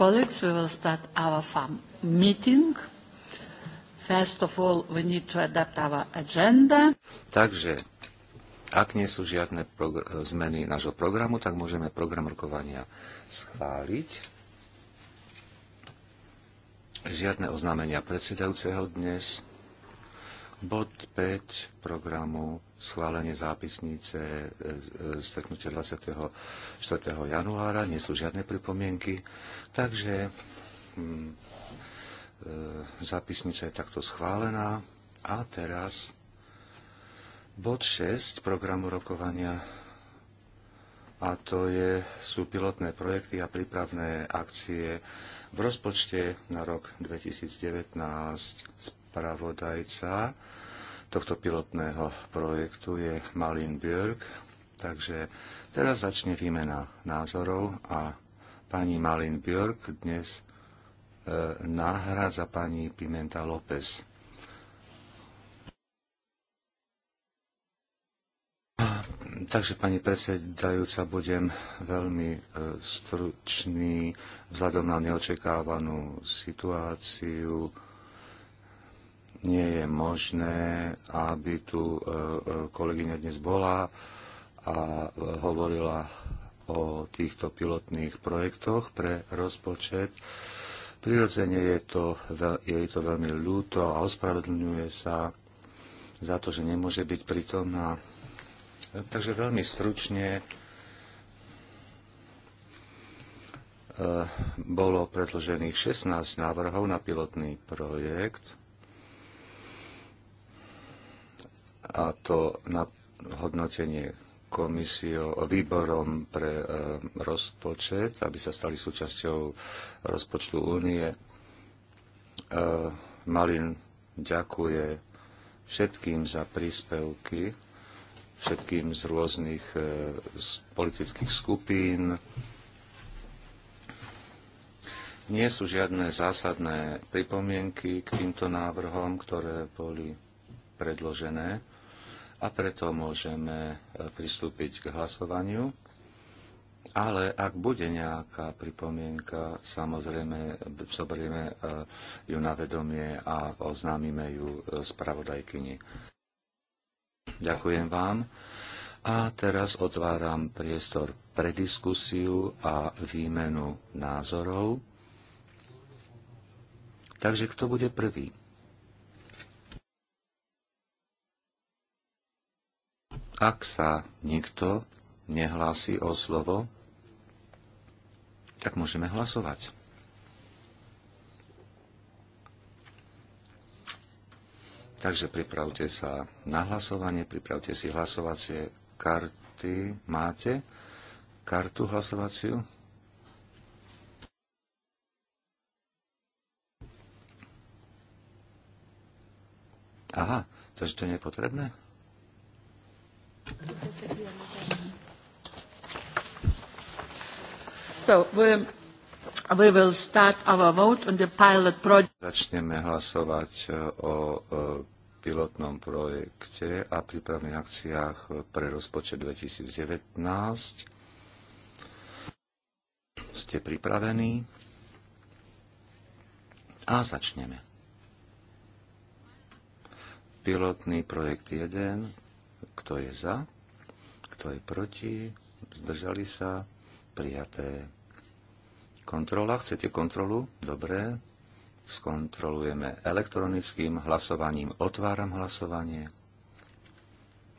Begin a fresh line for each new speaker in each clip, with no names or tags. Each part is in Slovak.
Colleagues, we will start our farm meeting. First of all, we need to adapt our agenda.
Takže, ak nie sú žiadne zmeny nášho programu, tak môžeme program rokovania schváliť. Žiadne oznámenia predsedajúceho dnes Bod 5 programu schválenie zápisnice e, e, stretnutia 24. januára. Nie sú žiadne pripomienky, takže mm, e, zápisnica je takto schválená. A teraz bod 6 programu rokovania a to je, sú pilotné projekty a prípravné akcie v rozpočte na rok 2019 spravodajca tohto pilotného projektu je Malin Björk. Takže teraz začne výmena názorov a pani Malin Björk dnes e, nahrádza pani Pimenta López. Takže, pani predsedajúca, budem veľmi e, stručný vzhľadom na neočekávanú situáciu nie je možné, aby tu e, e, kolegyňa dnes bola a e, hovorila o týchto pilotných projektoch pre rozpočet. Prirodzene je, to, je to veľmi ľúto a ospravedlňuje sa za to, že nemôže byť prítomná. Takže veľmi stručne bolo predložených 16 návrhov na pilotný projekt – a to na hodnotenie komisiou, výborom pre e, rozpočet, aby sa stali súčasťou rozpočtu únie. E, Malin ďakuje všetkým za príspevky, všetkým z rôznych e, z politických skupín. Nie sú žiadne zásadné pripomienky k týmto návrhom, ktoré boli predložené a preto môžeme e, pristúpiť k hlasovaniu. Ale ak bude nejaká pripomienka, samozrejme zoberieme e, ju na vedomie a oznámime ju e, spravodajkyni. Ďakujem vám. A teraz otváram priestor pre diskusiu a výmenu názorov. Takže kto bude prvý? Ak sa nikto nehlási o slovo, tak môžeme hlasovať. Takže pripravte sa na hlasovanie, pripravte si hlasovacie karty. Máte kartu hlasovaciu? Aha, takže to nie je potrebné? Začneme hlasovať e, o e, pilotnom projekte a prípravných akciách pre rozpočet 2019. Ste pripravení? A začneme. Pilotný projekt 1, kto je za? Kto je proti? Zdržali sa? Prijaté. Kontrola. Chcete kontrolu? Dobre. Skontrolujeme elektronickým hlasovaním. Otváram hlasovanie.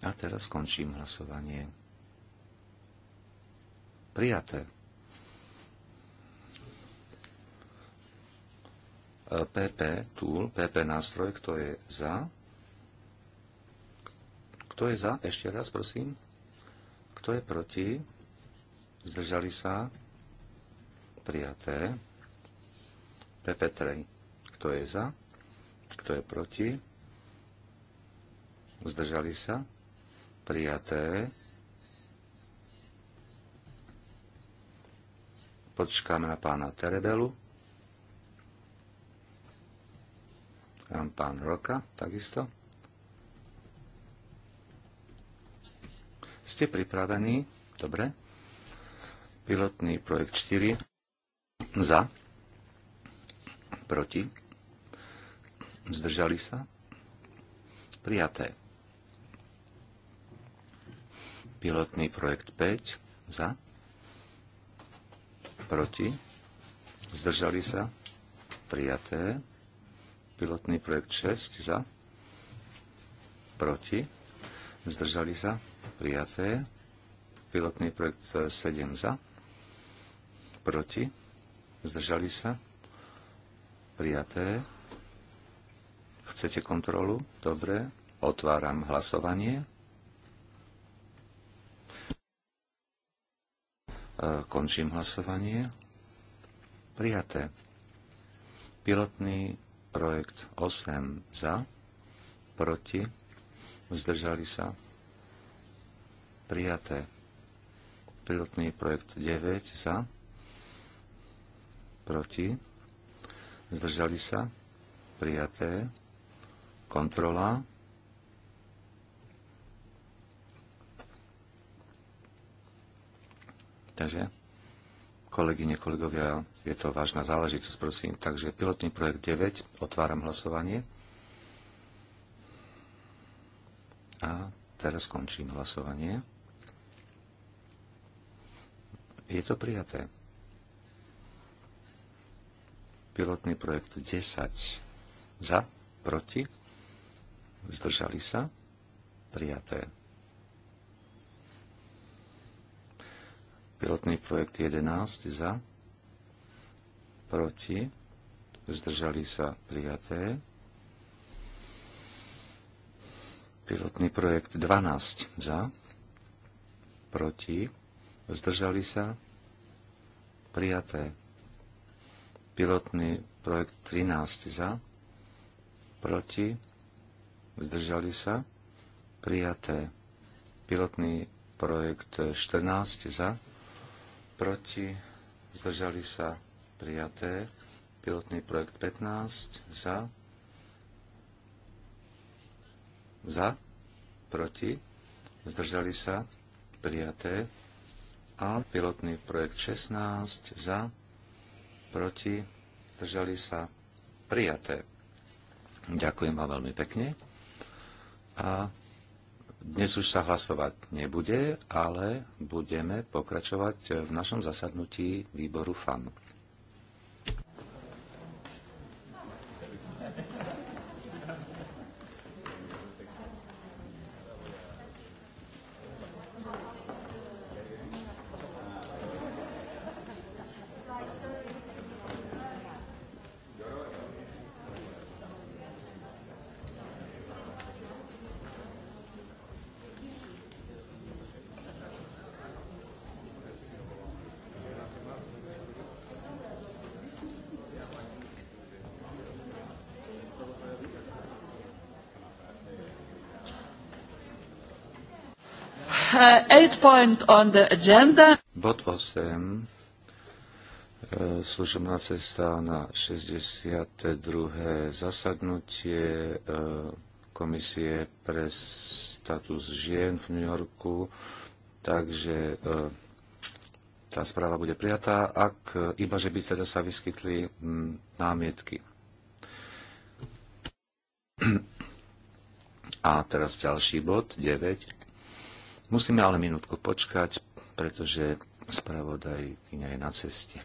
A teraz skončím hlasovanie. Prijaté. PP e, tool, PP nástroj, kto je za? Kto je za? Ešte raz, prosím. Kto je proti? Zdržali sa? Prijaté. PP Trej. Kto je za? Kto je proti? Zdržali sa? Prijaté. Počkáme na pána Terebelu. Pán Roka takisto. Ste pripravení? Dobre. Pilotný projekt 4. Za. Proti. Zdržali sa. Prijaté. Pilotný projekt 5. Za. Proti. Zdržali sa. Prijaté. Pilotný projekt 6. Za. Proti. Zdržali sa prijaté. Pilotný projekt 7 za, proti, zdržali sa, prijaté. Chcete kontrolu? Dobre. Otváram hlasovanie. E, končím hlasovanie. Prijaté. Pilotný projekt 8 za, proti, zdržali sa, prijaté. Pilotný projekt 9 za, proti, zdržali sa, prijaté. Kontrola. Takže, kolegyne, kolegovia, je to vážna záležitosť, prosím. Takže pilotný projekt 9, otváram hlasovanie. A teraz skončím hlasovanie. Je to prijaté. Pilotný projekt 10. Za, proti, zdržali sa, prijaté. Pilotný projekt 11. Za, proti, zdržali sa, prijaté. Pilotný projekt 12. Za, proti, zdržali sa, prijaté. Pilotný projekt 13 za, proti, zdržali sa, prijaté. Pilotný projekt 14 za, proti, zdržali sa, prijaté. Pilotný projekt 15 za, za, proti, zdržali sa, prijaté a pilotný projekt 16 za, proti, držali sa prijaté. Ďakujem vám veľmi pekne. A dnes už sa hlasovať nebude, ale budeme pokračovať v našom zasadnutí výboru fam.
point on the agenda.
Bod 8. E, služobná cesta na 62. zasadnutie e, Komisie pre status žien v New Yorku. Takže e, tá správa bude prijatá, ak iba, že by teda sa vyskytli námietky. A teraz ďalší bod, 9. Musíme ale minútku počkať, pretože spravodajkyňa je na ceste.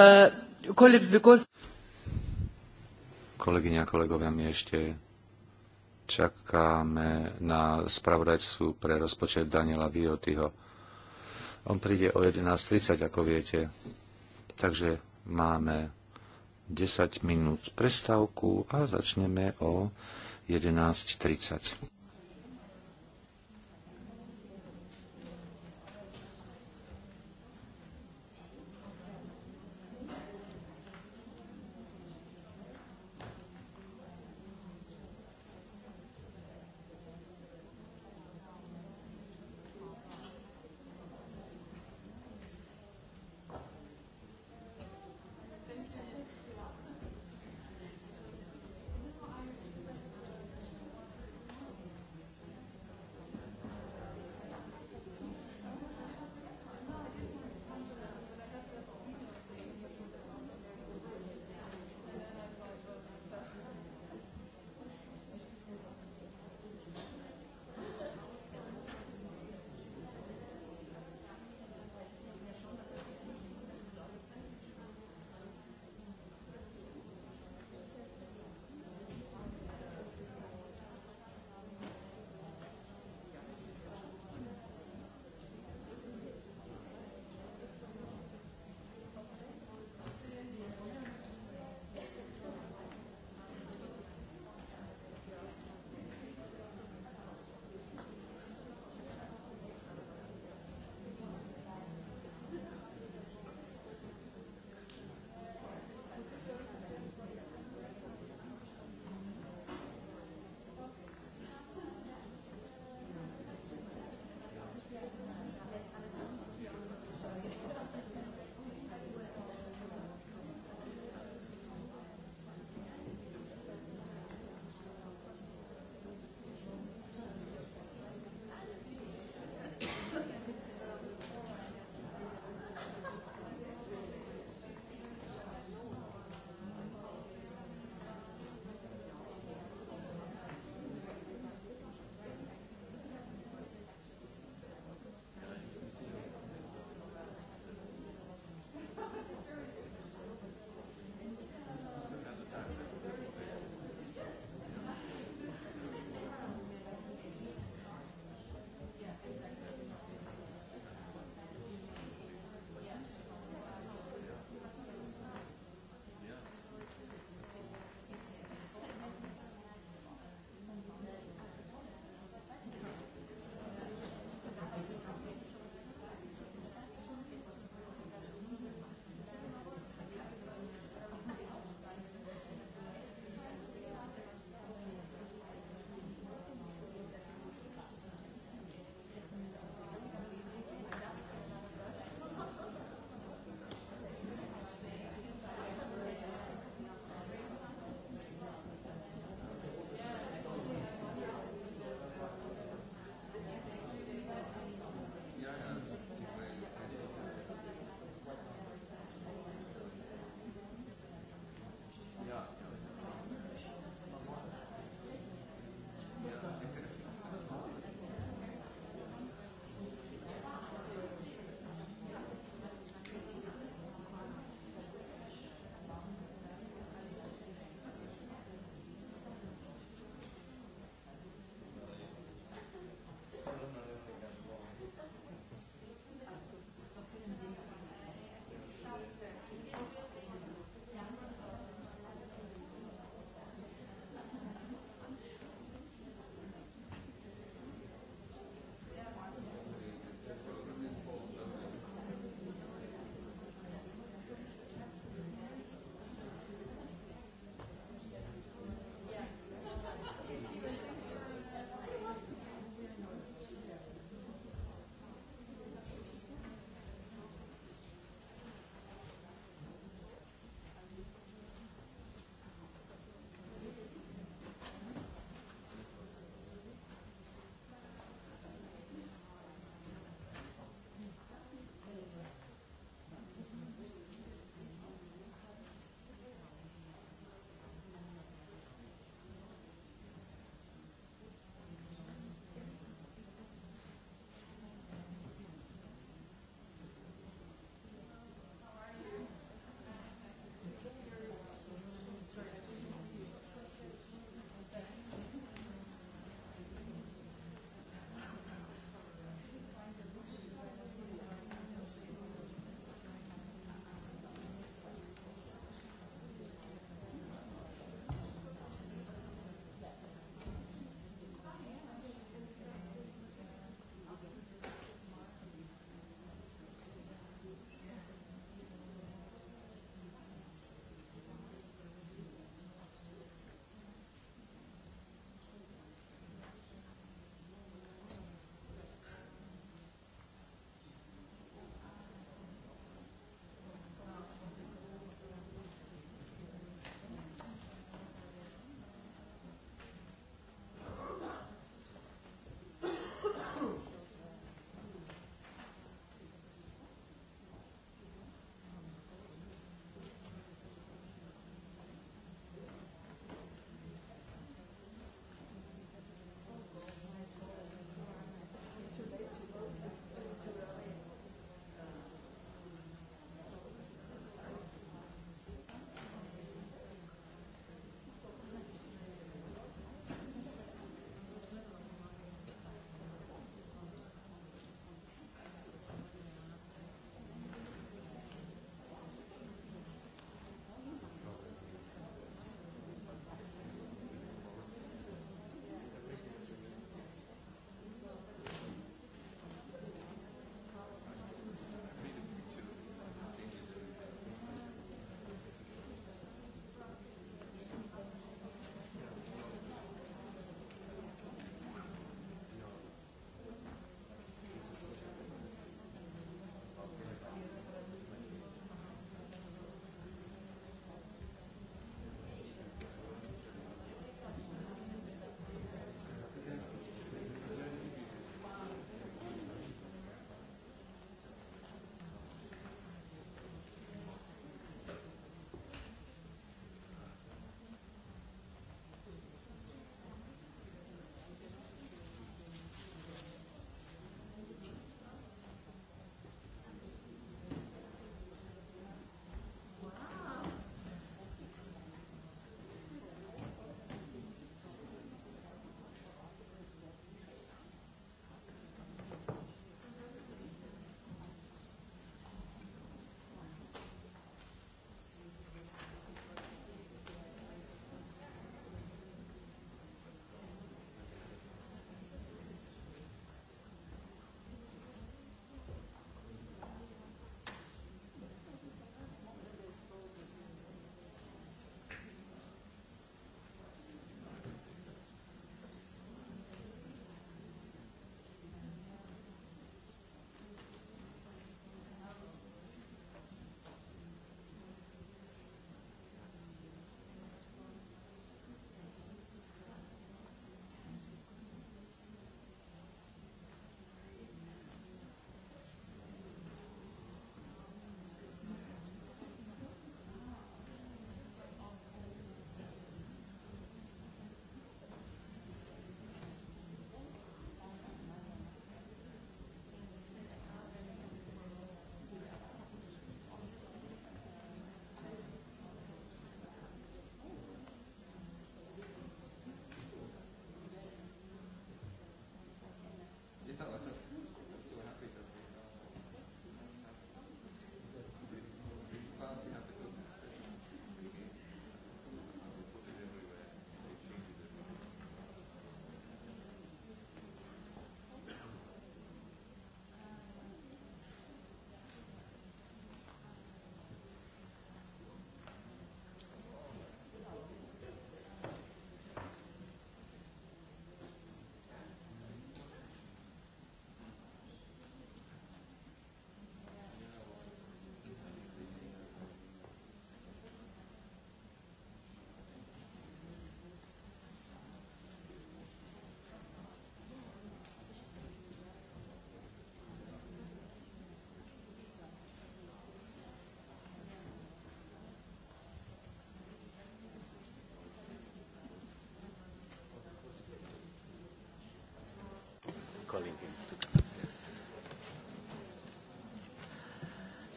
Uh, Kolegyne a kolegovia, my ešte čakáme na spravodajcu pre rozpočet Daniela Viotyho. On príde o 11.30, ako viete. Takže máme 10 minút prestávku a začneme o 11.30.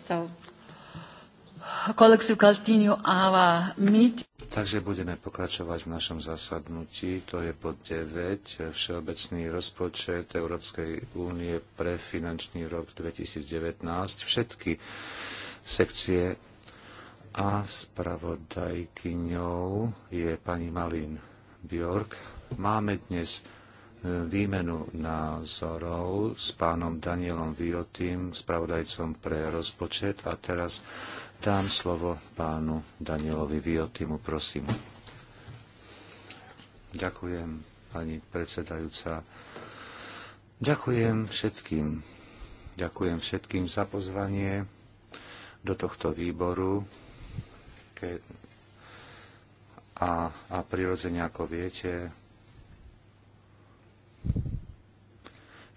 So, Takže budeme pokračovať v našom zasadnutí. To je pod 9. Všeobecný rozpočet Európskej únie pre finančný rok 2019. Všetky sekcie a spravodajkyňou je pani Malin Bjork. Máme dnes výmenu názorov s pánom Danielom Viotým, spravodajcom pre rozpočet. A teraz dám slovo pánu Danielovi Viotimu, prosím. Ďakujem, pani predsedajúca. Ďakujem všetkým. Ďakujem všetkým za pozvanie do tohto výboru. a, a prirodzene, ako viete,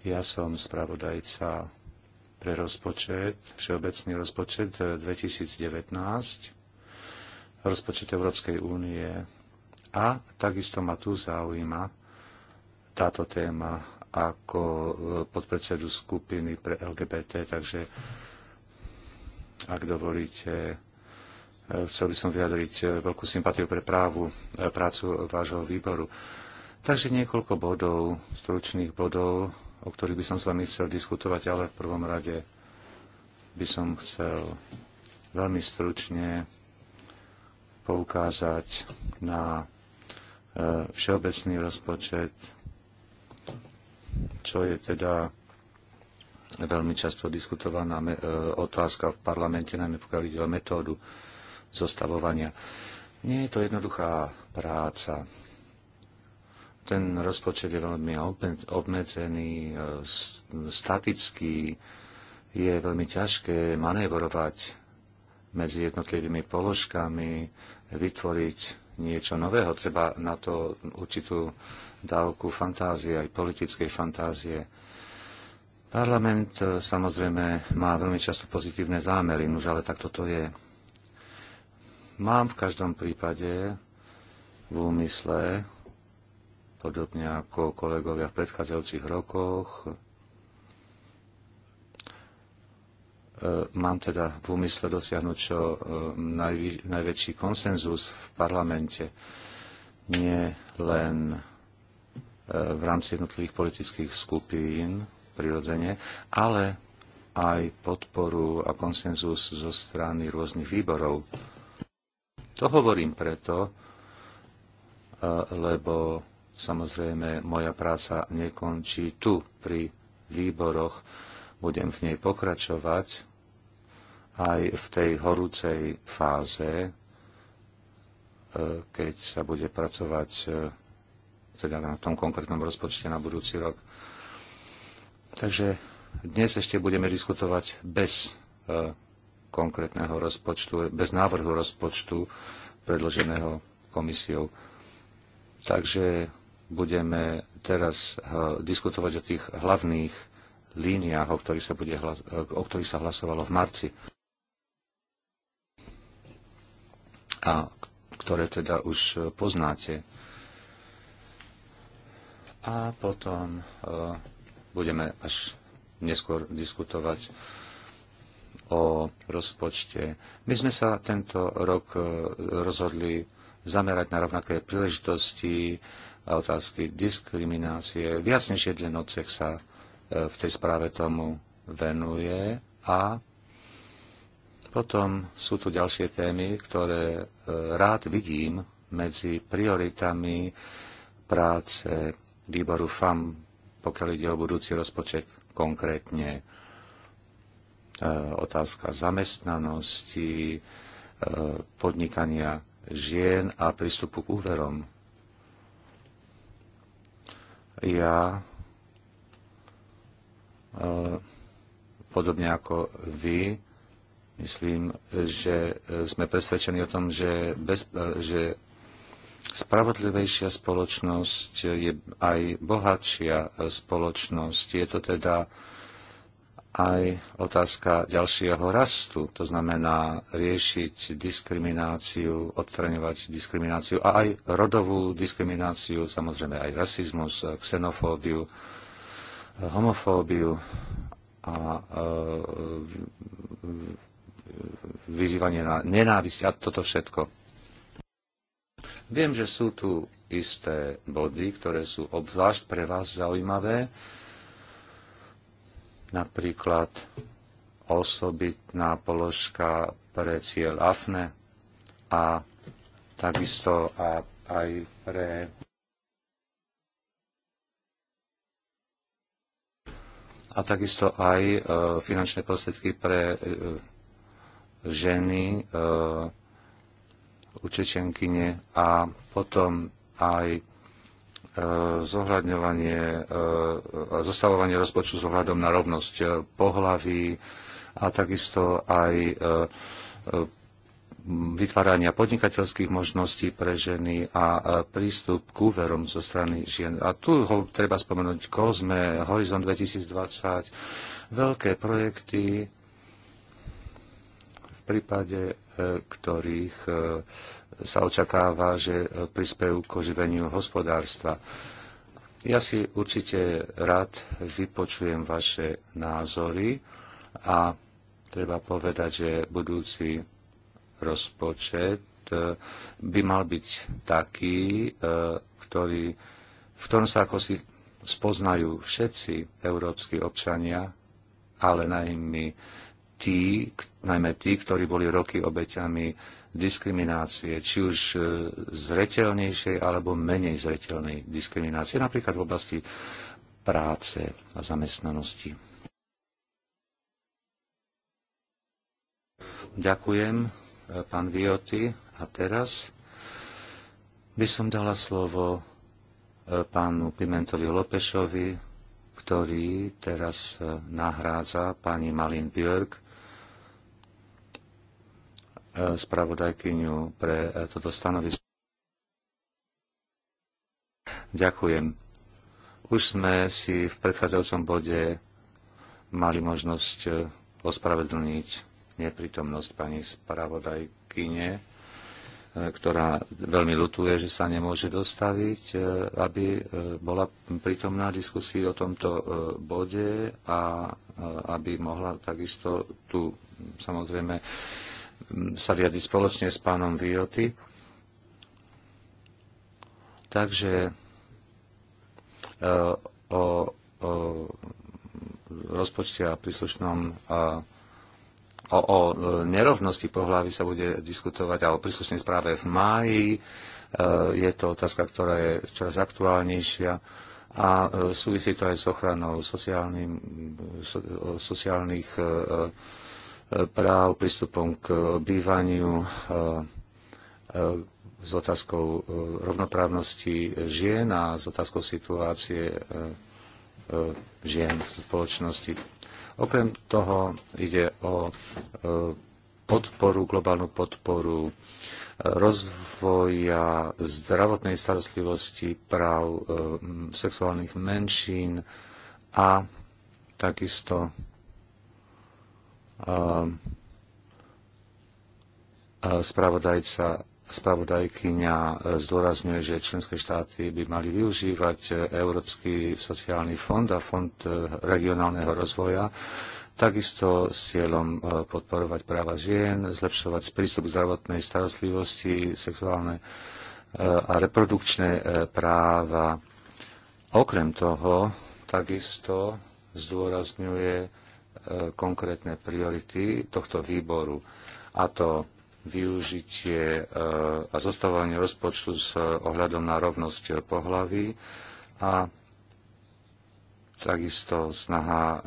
Ja som spravodajca pre rozpočet, všeobecný rozpočet 2019, eh, rozpočet Európskej únie a takisto ma tu zaujíma táto téma ako eh, podpredsedu skupiny pre LGBT, takže ak dovolíte, eh, chcel by som vyjadriť veľkú sympatiu pre právu, prácu vášho výboru. Takže niekoľko bodov, stručných bodov, o ktorých by som s vami chcel diskutovať, ale v prvom rade by som chcel veľmi stručne poukázať na e, všeobecný rozpočet, čo je teda veľmi často diskutovaná e, otázka v parlamente, najmä pokiaľ ide o metódu zostavovania. Nie je to jednoduchá práca ten rozpočet je veľmi obmedzený, e, statický, je veľmi ťažké manévrovať medzi jednotlivými položkami, vytvoriť niečo nového. Treba na to určitú dávku fantázie, aj politickej fantázie. Parlament e, samozrejme má veľmi často pozitívne zámery, nuž ale tak toto je. Mám v každom prípade v úmysle podobne ako kolegovia v predchádzajúcich rokoch. E, mám teda v úmysle dosiahnuť čo e, najväčší konsenzus v parlamente, nie len e, v rámci jednotlivých politických skupín, prirodzene, ale aj podporu a konsenzus zo strany rôznych výborov. To hovorím preto, lebo Samozrejme, moja práca nekončí tu, pri výboroch. Budem v nej pokračovať aj v tej horúcej fáze, e, keď sa bude pracovať e, teda na tom konkrétnom rozpočte na budúci rok. Takže dnes ešte budeme diskutovať bez e, konkrétneho rozpočtu, bez návrhu rozpočtu predloženého komisiou. Takže budeme teraz eh, diskutovať o tých hlavných líniách, o ktorých sa, bude, eh, o ktorých sa hlasovalo v marci. A ktoré teda už eh, poznáte. A potom budeme až neskôr diskutovať o rozpočte. My sme sa tento rok rozhodli zamerať na rovnaké príležitosti, a otázky diskriminácie. Viac než jeden odsek sa e, v tej správe tomu venuje a potom sú tu ďalšie témy, ktoré e, rád vidím medzi prioritami práce výboru FAM, pokiaľ ide o budúci rozpočet konkrétne e, otázka zamestnanosti, podnikania žien a prístupu k úverom. Ja e, podobne ako vy, myslím, že e, sme presvedčení o tom, že, bez, e, že spravodlivejšia spoločnosť je aj bohatšia spoločnosť. Je to teda aj otázka ďalšieho rastu, to znamená riešiť diskrimináciu, odstraňovať diskrimináciu a aj rodovú diskrimináciu, samozrejme aj rasizmus, xenofóbiu, homofóbiu a e, vyzývanie na nenávisť a toto všetko. Viem, že sú tu isté body, ktoré sú obzvlášť pre vás zaujímavé napríklad osobitná položka pre cieľ AFNE a takisto a aj pre a takisto aj e, finančné prostriedky pre e, ženy, e, učečenkyne a potom aj zohľadňovanie e, zostavovanie rozpočtu s ohľadom na rovnosť e, pohlaví a takisto aj e, vytvárania podnikateľských možností pre ženy a prístup k úverom zo strany žien. A tu ho treba spomenúť Kozme, Horizon 2020, veľké projekty, prípade e, ktorých e, sa očakáva, že e, prispejú k oživeniu hospodárstva. Ja si určite rád vypočujem vaše názory a treba povedať, že budúci rozpočet by mal byť taký, ktorý, v ktorom sa ako si spoznajú všetci európsky občania, ale najmä tí, najmä tí, ktorí boli roky obeťami diskriminácie, či už e, zretelnejšej alebo menej zretelnej diskriminácie, napríklad v oblasti práce a zamestnanosti. Ďakujem, e, pán Vioty. A teraz by som dala slovo e, pánu Pimentovi Lopešovi, ktorý teraz nahrádza pani Malin Björk, spravodajkyňu pre e, toto stanovisko. Ďakujem. Už sme si v predchádzajúcom bode mali možnosť e, ospravedlniť neprítomnosť pani spravodajkyne, e, ktorá veľmi lutuje, že sa nemôže dostaviť, aby bola prítomná diskusii o tomto bode a aby mohla takisto tu samozrejme sa riadiť spoločne s pánom Vioty. Takže e, o, o rozpočte a príslušnom a, o, o e, nerovnosti pohlavy sa bude diskutovať a o príslušnej správe v máji. E, je to otázka, ktorá je čoraz aktuálnejšia a súvisí to aj s ochranou sociálnym, so, sociálnych práv, prístupom k bývaniu, e, e, s otázkou e, rovnoprávnosti žien a s otázkou situácie žien v spoločnosti. Okrem toho ide o podporu, globálnu podporu rozvoja zdravotnej starostlivosti, práv sexuálnych menšín a takisto spravodajca spravodajkyňa e, zdôrazňuje, že členské štáty by mali využívať e, Európsky sociálny fond a fond e, regionálneho rozvoja, takisto s cieľom podporovať práva žien, zlepšovať prístup k zdravotnej starostlivosti, sexuálne a reprodukčné práva. Okrem toho takisto zdôrazňuje E, konkrétne priority tohto výboru, a to využitie e, a zostávanie rozpočtu s ohľadom na rovnosť pohlaví a takisto snaha e,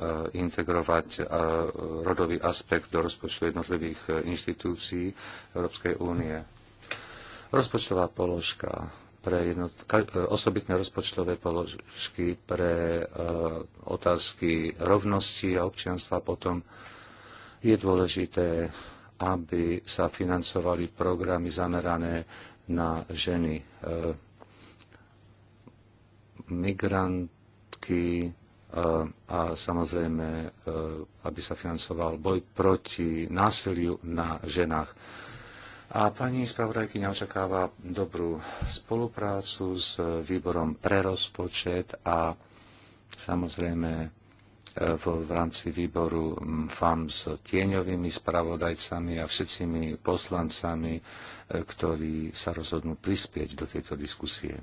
integrovať rodový aspekt do rozpočtu jednotlivých inštitúcií Európskej únie. Rozpočtová položka pre jednot, ka, e, osobitné rozpočtové položky pre e, otázky rovnosti a občianstva. Potom je dôležité, aby sa financovali programy zamerané na ženy, e, migrantky e, a samozrejme, aby sa financoval boj proti násiliu na ženách. A pani spravodajkyňa očakáva dobrú spoluprácu s výborom pre rozpočet a samozrejme e, v, v rámci výboru FAM s tieňovými spravodajcami a všetcimi poslancami, e, ktorí sa rozhodnú prispieť do tejto diskusie.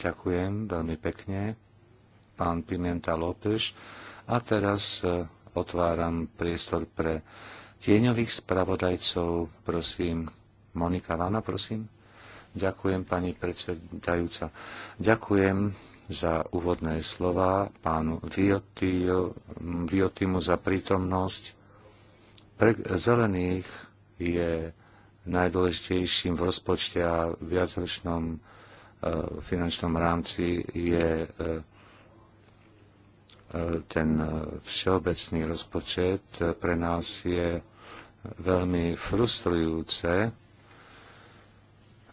Ďakujem veľmi pekne, pán Pimenta López. A teraz e, otváram priestor pre Tieňových spravodajcov, prosím. Monika Vána, prosím. Ďakujem, pani predsedajúca. Ďakujem za úvodné slova pánu Viotimu za prítomnosť. Pre zelených je najdôležitejším v rozpočte a viacročnom e, finančnom rámci je e, e, ten všeobecný rozpočet. Pre nás je veľmi frustrujúce,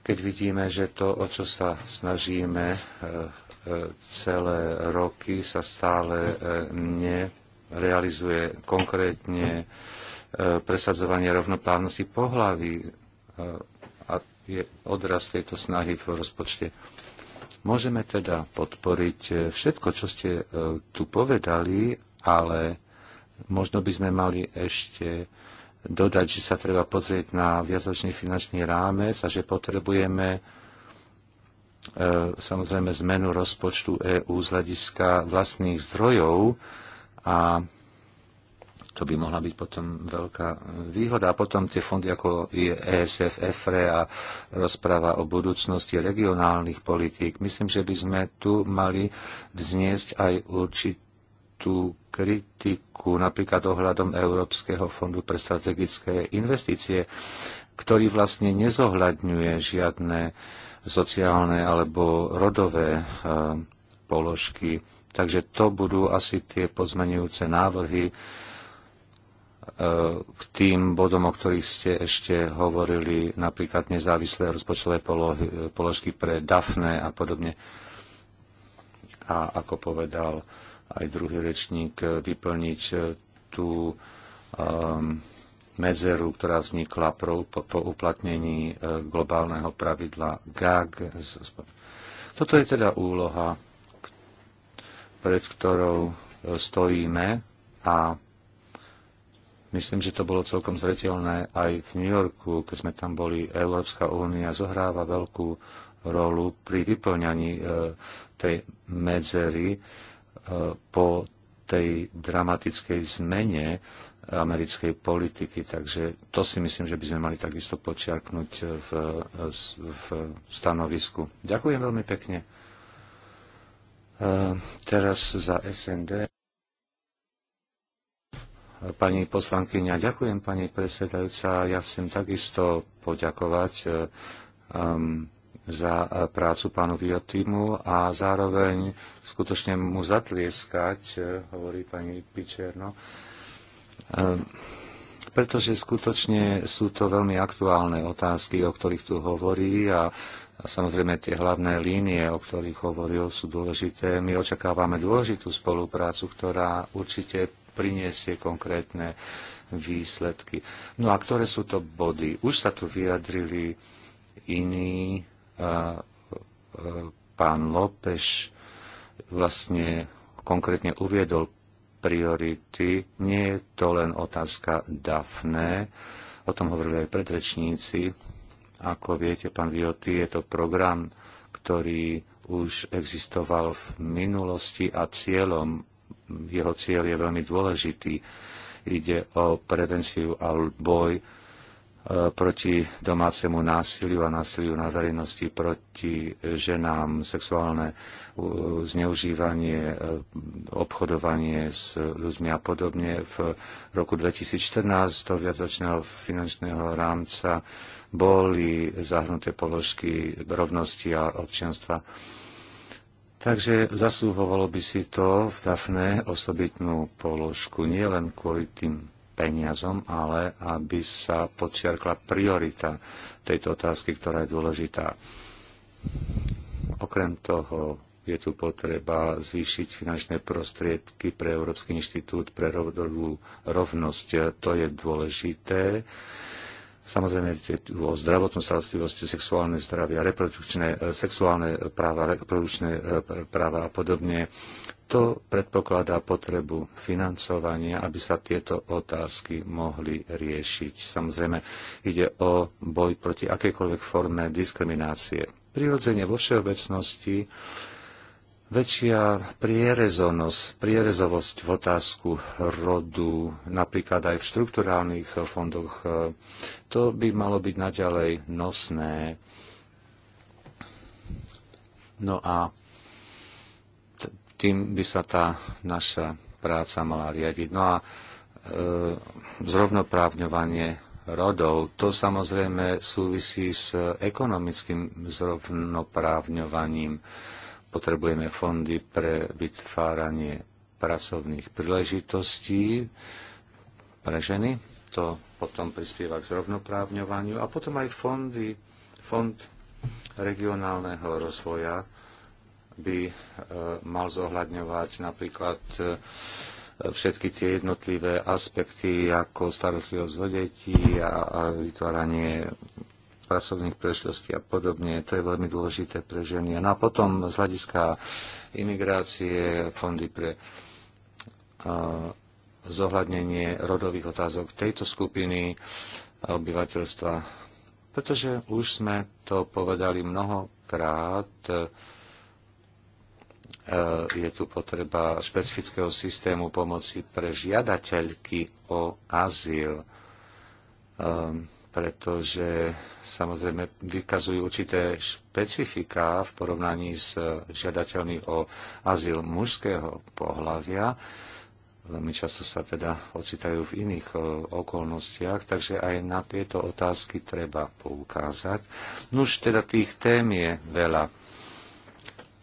keď vidíme, že to, o čo sa snažíme e, e, celé roky, sa stále e, nerealizuje konkrétne presadzovanie rovnoprávnosti pohlaví a je odraz tejto snahy v rozpočte. Môžeme teda podporiť všetko, čo ste tu povedali, ale možno by sme mali ešte dodať, že sa treba pozrieť na viacročný finančný rámec a že potrebujeme e, samozrejme zmenu rozpočtu EÚ z hľadiska vlastných zdrojov a to by mohla byť potom veľká výhoda. A potom tie fondy ako ESF, e EFRE a rozpráva o budúcnosti regionálnych politík. Myslím, že by sme tu mali vzniesť aj určitú tú kritiku napríklad ohľadom Európskeho fondu pre strategické investície, ktorý vlastne nezohľadňuje žiadne sociálne alebo rodové e, položky. Takže to budú asi tie pozmenujúce návrhy e, k tým bodom, o ktorých ste ešte hovorili, napríklad nezávislé rozpočtové e, položky pre DAFNE a podobne. A ako povedal aj druhý rečník eh, vyplniť eh, tú ehm, medzeru, ktorá vznikla pro, po, po uplatnení eh, globálneho pravidla GAG. Toto je teda úloha, pred ktorou stojíme a myslím, že to bolo celkom zretelné aj v New Yorku, keď sme tam boli. Európska únia zohráva veľkú rolu pri vyplňaní tej medzery po tej dramatickej zmene americkej politiky. Takže to si myslím, že by sme mali takisto počiarknúť v, v stanovisku. Ďakujem veľmi pekne. E, teraz za SND. Pani poslankyňa, ďakujem pani predsedajúca. Ja chcem takisto poďakovať um, za e, prácu pánu Viotimu a zároveň skutočne mu zatlieskať, e, hovorí pani Pičerno, e, pretože skutočne sú to veľmi aktuálne otázky, o ktorých tu hovorí a a samozrejme tie hlavné línie, o ktorých hovoril, sú dôležité. My očakávame dôležitú spoluprácu, ktorá určite priniesie konkrétne výsledky. No a ktoré sú to body? Už sa tu vyjadrili iní E, pán López vlastne konkrétne uviedol priority. Nie je to len otázka Dafne, o tom hovorili aj predrečníci. Ako viete, pán Vioty, je to program, ktorý už existoval v minulosti a cieľom, jeho cieľ je veľmi dôležitý. Ide o prevenciu a boj proti domácemu násiliu a násiliu na verejnosti, proti ženám, sexuálne zneužívanie, e, obchodovanie s ľuďmi a podobne. V roku 2014 do viacročného finančného rámca boli zahrnuté položky rovnosti a občianstva. Takže zasúhovalo by si to v Dafne osobitnú položku, nielen kvôli tým peniazom, ale aby sa počiarkla priorita tejto otázky, ktorá je dôležitá. Okrem toho je tu potreba zvýšiť finančné prostriedky pre Európsky inštitút pre rovnú rovnosť. To je dôležité. Samozrejme, o zdravotnú starostlivosti, sexuálne zdravie, reprodukčné, sexuálne práva, reprodukčné eh, práva a podobne. To predpokladá potrebu financovania, aby sa tieto otázky mohli riešiť. Samozrejme, ide o boj proti akejkoľvek forme diskriminácie. Prirodzene vo všeobecnosti väčšia prierezonosť, prierezovosť v otázku rodu, napríklad aj v štrukturálnych fondoch, e, to by malo byť naďalej nosné. No a tým by sa tá naša práca mala riadiť. No a e, zrovnoprávňovanie rodov, to samozrejme súvisí s ekonomickým zrovnoprávňovaním. Potrebujeme fondy pre vytváranie pracovných príležitostí pre ženy. To potom prispieva k zrovnoprávňovaniu. A potom aj fondy, fond regionálneho rozvoja, by e, mal zohľadňovať napríklad e, všetky tie jednotlivé aspekty ako starostlivosť o detí a, a vytváranie pracovných príležitostí a podobne. To je veľmi dôležité pre ženy. No a potom z hľadiska imigrácie, fondy pre e, zohľadnenie rodových otázok tejto skupiny obyvateľstva. Pretože už sme to povedali mnohokrát, E, je tu potreba špecifického systému pomoci pre žiadateľky o azyl, e, pretože samozrejme vykazujú určité špecifika v porovnaní s žiadateľmi o azyl mužského pohľavia. Veľmi často sa teda ocitajú v iných e, okolnostiach, takže aj na tieto otázky treba poukázať. Nuž no teda tých tém je veľa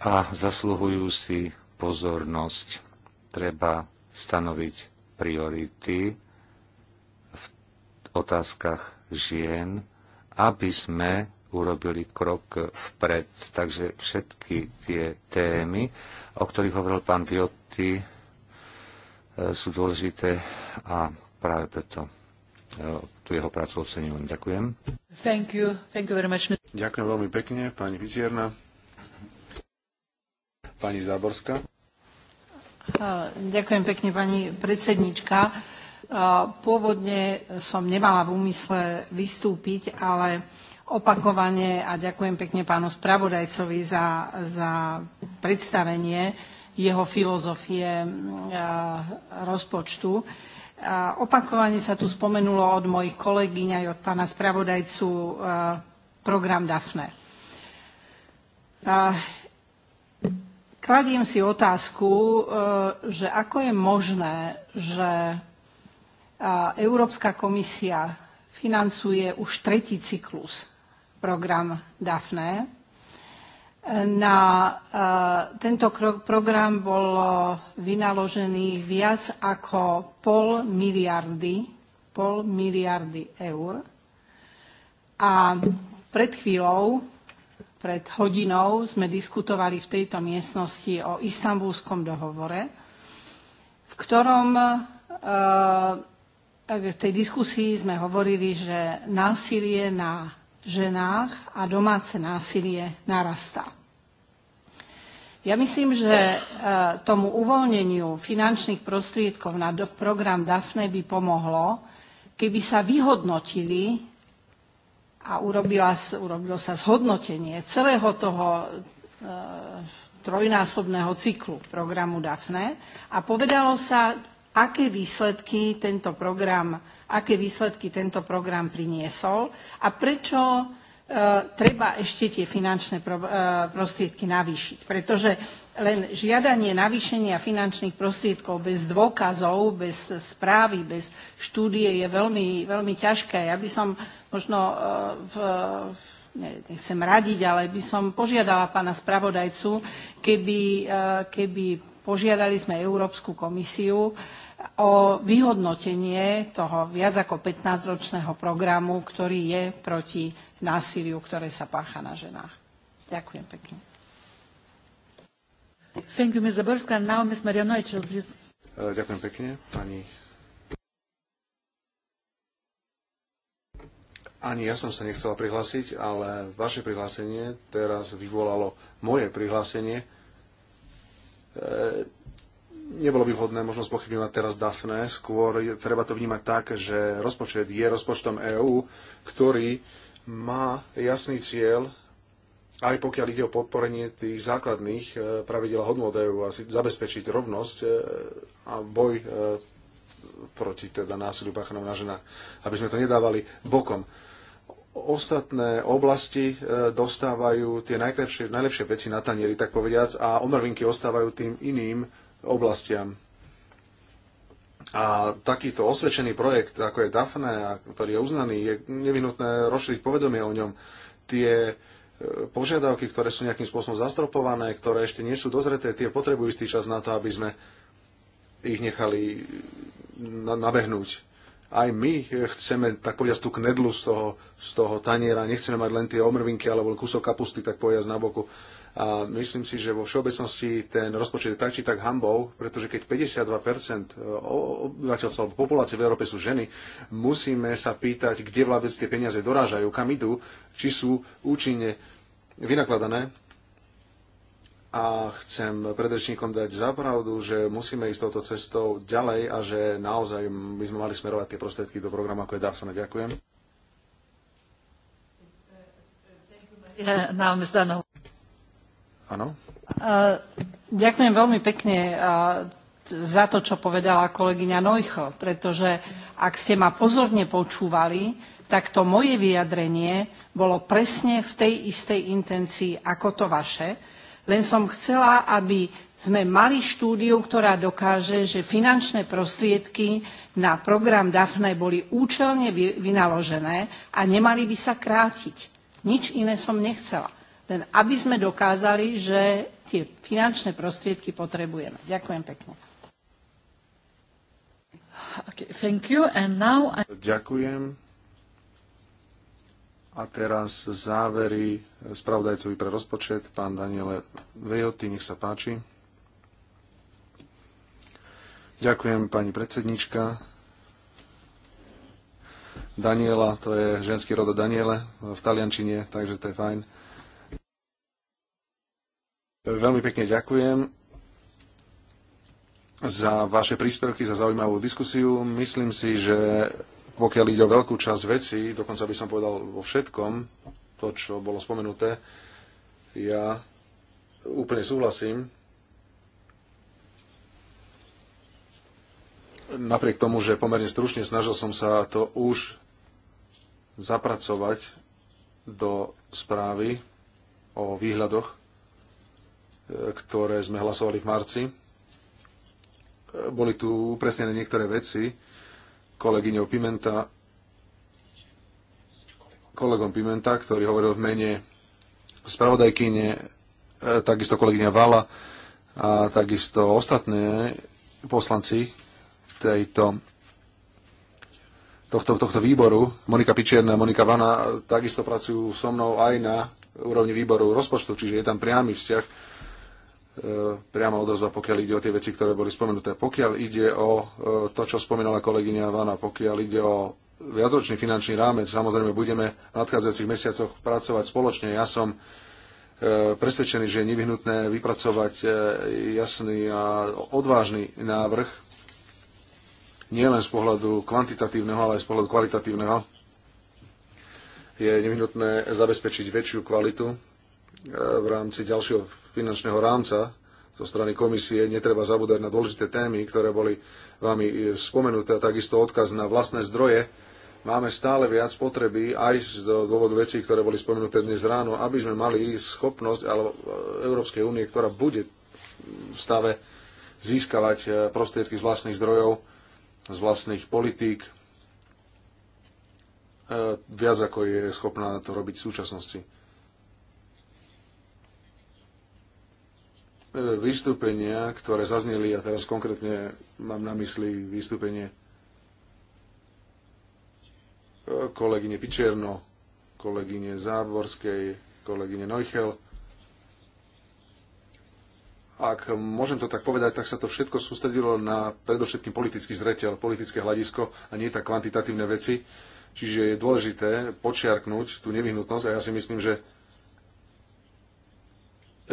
a zasluhujú si pozornosť. Treba stanoviť priority v otázkach žien, aby sme urobili krok vpred. Takže všetky tie témy, o ktorých hovoril pán Viotti, e, sú dôležité a práve preto e, tu jeho prácu ocenujem. Ďakujem.
Thank
you. Thank you very much.
Ďakujem veľmi pekne, pani Vizierna.
Pani Záborská.
Ďakujem pekne, pani predsednička. Pôvodne som nemala v úmysle vystúpiť, ale opakovane a ďakujem pekne pánu spravodajcovi za, za predstavenie jeho filozofie rozpočtu. Opakovane sa tu spomenulo od mojich kolegyň aj od pána spravodajcu program DAFNE kladiem si otázku, e, že ako je možné, že e, Európska komisia financuje už tretí cyklus program DAFNE. Na e, tento program bolo vynaložený viac ako pol miliardy, pol miliardy eur. A pred chvíľou pred hodinou sme diskutovali v tejto miestnosti o istambulskom dohovore, v ktorom e, v tej diskusii sme hovorili, že násilie na ženách a domáce násilie narastá. Ja myslím, že e, tomu uvoľneniu finančných prostriedkov na program DAFNE by pomohlo, keby sa vyhodnotili a urobila, urobilo sa zhodnotenie celého toho e, trojnásobného cyklu programu DAFNE a povedalo sa, aké výsledky tento program, aké výsledky tento program priniesol a prečo e, treba ešte tie finančné pro, e, prostriedky navýšiť. Pretože len žiadanie navýšenia finančných prostriedkov bez dôkazov, bez správy, bez štúdie je veľmi, veľmi ťažké. Ja by som možno e, v, nechcem radiť, ale by som požiadala pána spravodajcu, keby, e, keby požiadali sme Európsku komisiu, o vyhodnotenie toho viac ako 15-ročného programu, ktorý je proti násiliu, ktoré sa pácha na ženách. Ďakujem pekne.
Uh,
ďakujem pekne, pani Ani ja som sa nechcela prihlásiť, ale vaše prihlásenie teraz vyvolalo moje prihlásenie. E, nebolo by vhodné možno spochybňovať teraz Dafne, skôr je, treba to vnímať tak, že rozpočet je rozpočtom EÚ, ktorý má jasný cieľ aj pokiaľ ide o podporenie tých základných e, pravidel hodnot EU a zabezpečiť rovnosť e, a boj e, proti teda násiliu páchanom na ženách, aby sme to nedávali bokom. Ostatné oblasti dostávajú tie najlepšie, najlepšie veci na tanieri, tak povediac, a omrvinky ostávajú tým iným oblastiam. A takýto osvedčený projekt, ako je DAFNE, ktorý je uznaný, je nevyhnutné rozšíriť povedomie o ňom. Tie uh, požiadavky, ktoré sú nejakým spôsobom zastropované, ktoré ešte nie sú dozreté, tie potrebujú istý čas na to, aby sme ich nechali nabehnúť. Aj my chceme, tak povedať, tú knedlu z toho, z toho taniera, nechceme mať len tie omrvinky alebo kúsok kapusty, tak povedať, na boku. A myslím si, že vo všeobecnosti ten rozpočet je tak či tak hambou, pretože keď 52% e, obyvateľstva alebo populácie v Európe sú ženy, musíme sa pýtať, kde vôbec tie peniaze dorážajú, kam idú, či sú účinne vynakladané. A chcem predrečníkom dať zapravdu, že musíme ísť touto cestou ďalej a že naozaj by sme mali smerovať tie prostriedky do programu, ako je Daphne. Ďakujem. Yeah, Áno?
Eh, ďakujem veľmi pekne eh, za to, čo povedala kolegyňa Nojcho, pretože ak ste ma pozorne počúvali, tak to moje vyjadrenie bolo presne v tej istej intencii ako to vaše. Len som chcela, aby sme mali štúdiu, ktorá dokáže, že finančné prostriedky na program DAFNE boli účelne vynaložené a nemali by sa krátiť. Nič iné som nechcela len aby sme dokázali, že tie finančné prostriedky potrebujeme. Ďakujem pekne. Okay, now...
Ďakujem. A teraz závery spravodajcovi pre rozpočet, pán Daniele Vejoty, nech sa páči. Ďakujem, pani predsednička. Daniela, to je ženský rod Daniele v taliančine, takže to je fajn. Veľmi pekne ďakujem za vaše príspevky, za zaujímavú diskusiu. Myslím si, že pokiaľ ide o veľkú časť vecí, dokonca by som povedal vo všetkom, to, čo bolo spomenuté, ja úplne súhlasím. Napriek tomu, že pomerne stručne snažil som sa to už zapracovať do správy o výhľadoch ktoré sme hlasovali v marci. Boli tu upresnené niektoré veci kolegyňou Pimenta, kolegom Pimenta, ktorý hovoril v mene spravodajkyne, e, takisto kolegyňa Vala a takisto ostatné poslanci tejto tohto, tohto výboru. Monika Pičierna a Monika Vana takisto pracujú so mnou aj na úrovni výboru rozpočtu, čiže je tam priamy vzťah E, priama odozva, pokiaľ ide o tie veci, ktoré boli spomenuté. Pokiaľ ide o e, to, čo spomínala kolegyňa Vana, pokiaľ ide o viacročný finančný rámec, samozrejme budeme v nadchádzajúcich mesiacoch pracovať spoločne. Ja som e, presvedčený, že je nevyhnutné vypracovať jasný a odvážny návrh, nielen z pohľadu kvantitatívneho, ale aj z pohľadu kvalitatívneho. Je nevyhnutné zabezpečiť väčšiu kvalitu v rámci ďalšieho finančného rámca zo strany komisie. Netreba zabúdať na dôležité témy, ktoré boli vami eh, spomenuté a takisto odkaz na vlastné zdroje. Máme stále viac potreby aj z dôvodu vecí, ktoré boli spomenuté dnes ráno, aby sme mali schopnosť alebo eh, Európskej únie, ktorá bude v stave získavať eh, prostriedky z vlastných zdrojov, z vlastných politík, viac ako je schopná to robiť v súčasnosti. E, vystúpenia, ktoré zazneli, a teraz konkrétne mám na mysli vystúpenie e, kolegyne Pičerno, kolegyne Záborskej, kolegyne Neuchel. Ak môžem to tak povedať, tak sa to všetko sústredilo na predovšetkým politický zreteľ, politické hľadisko a nie tak kvantitatívne veci. Čiže je dôležité počiarknúť tú nevyhnutnosť a ja si myslím, že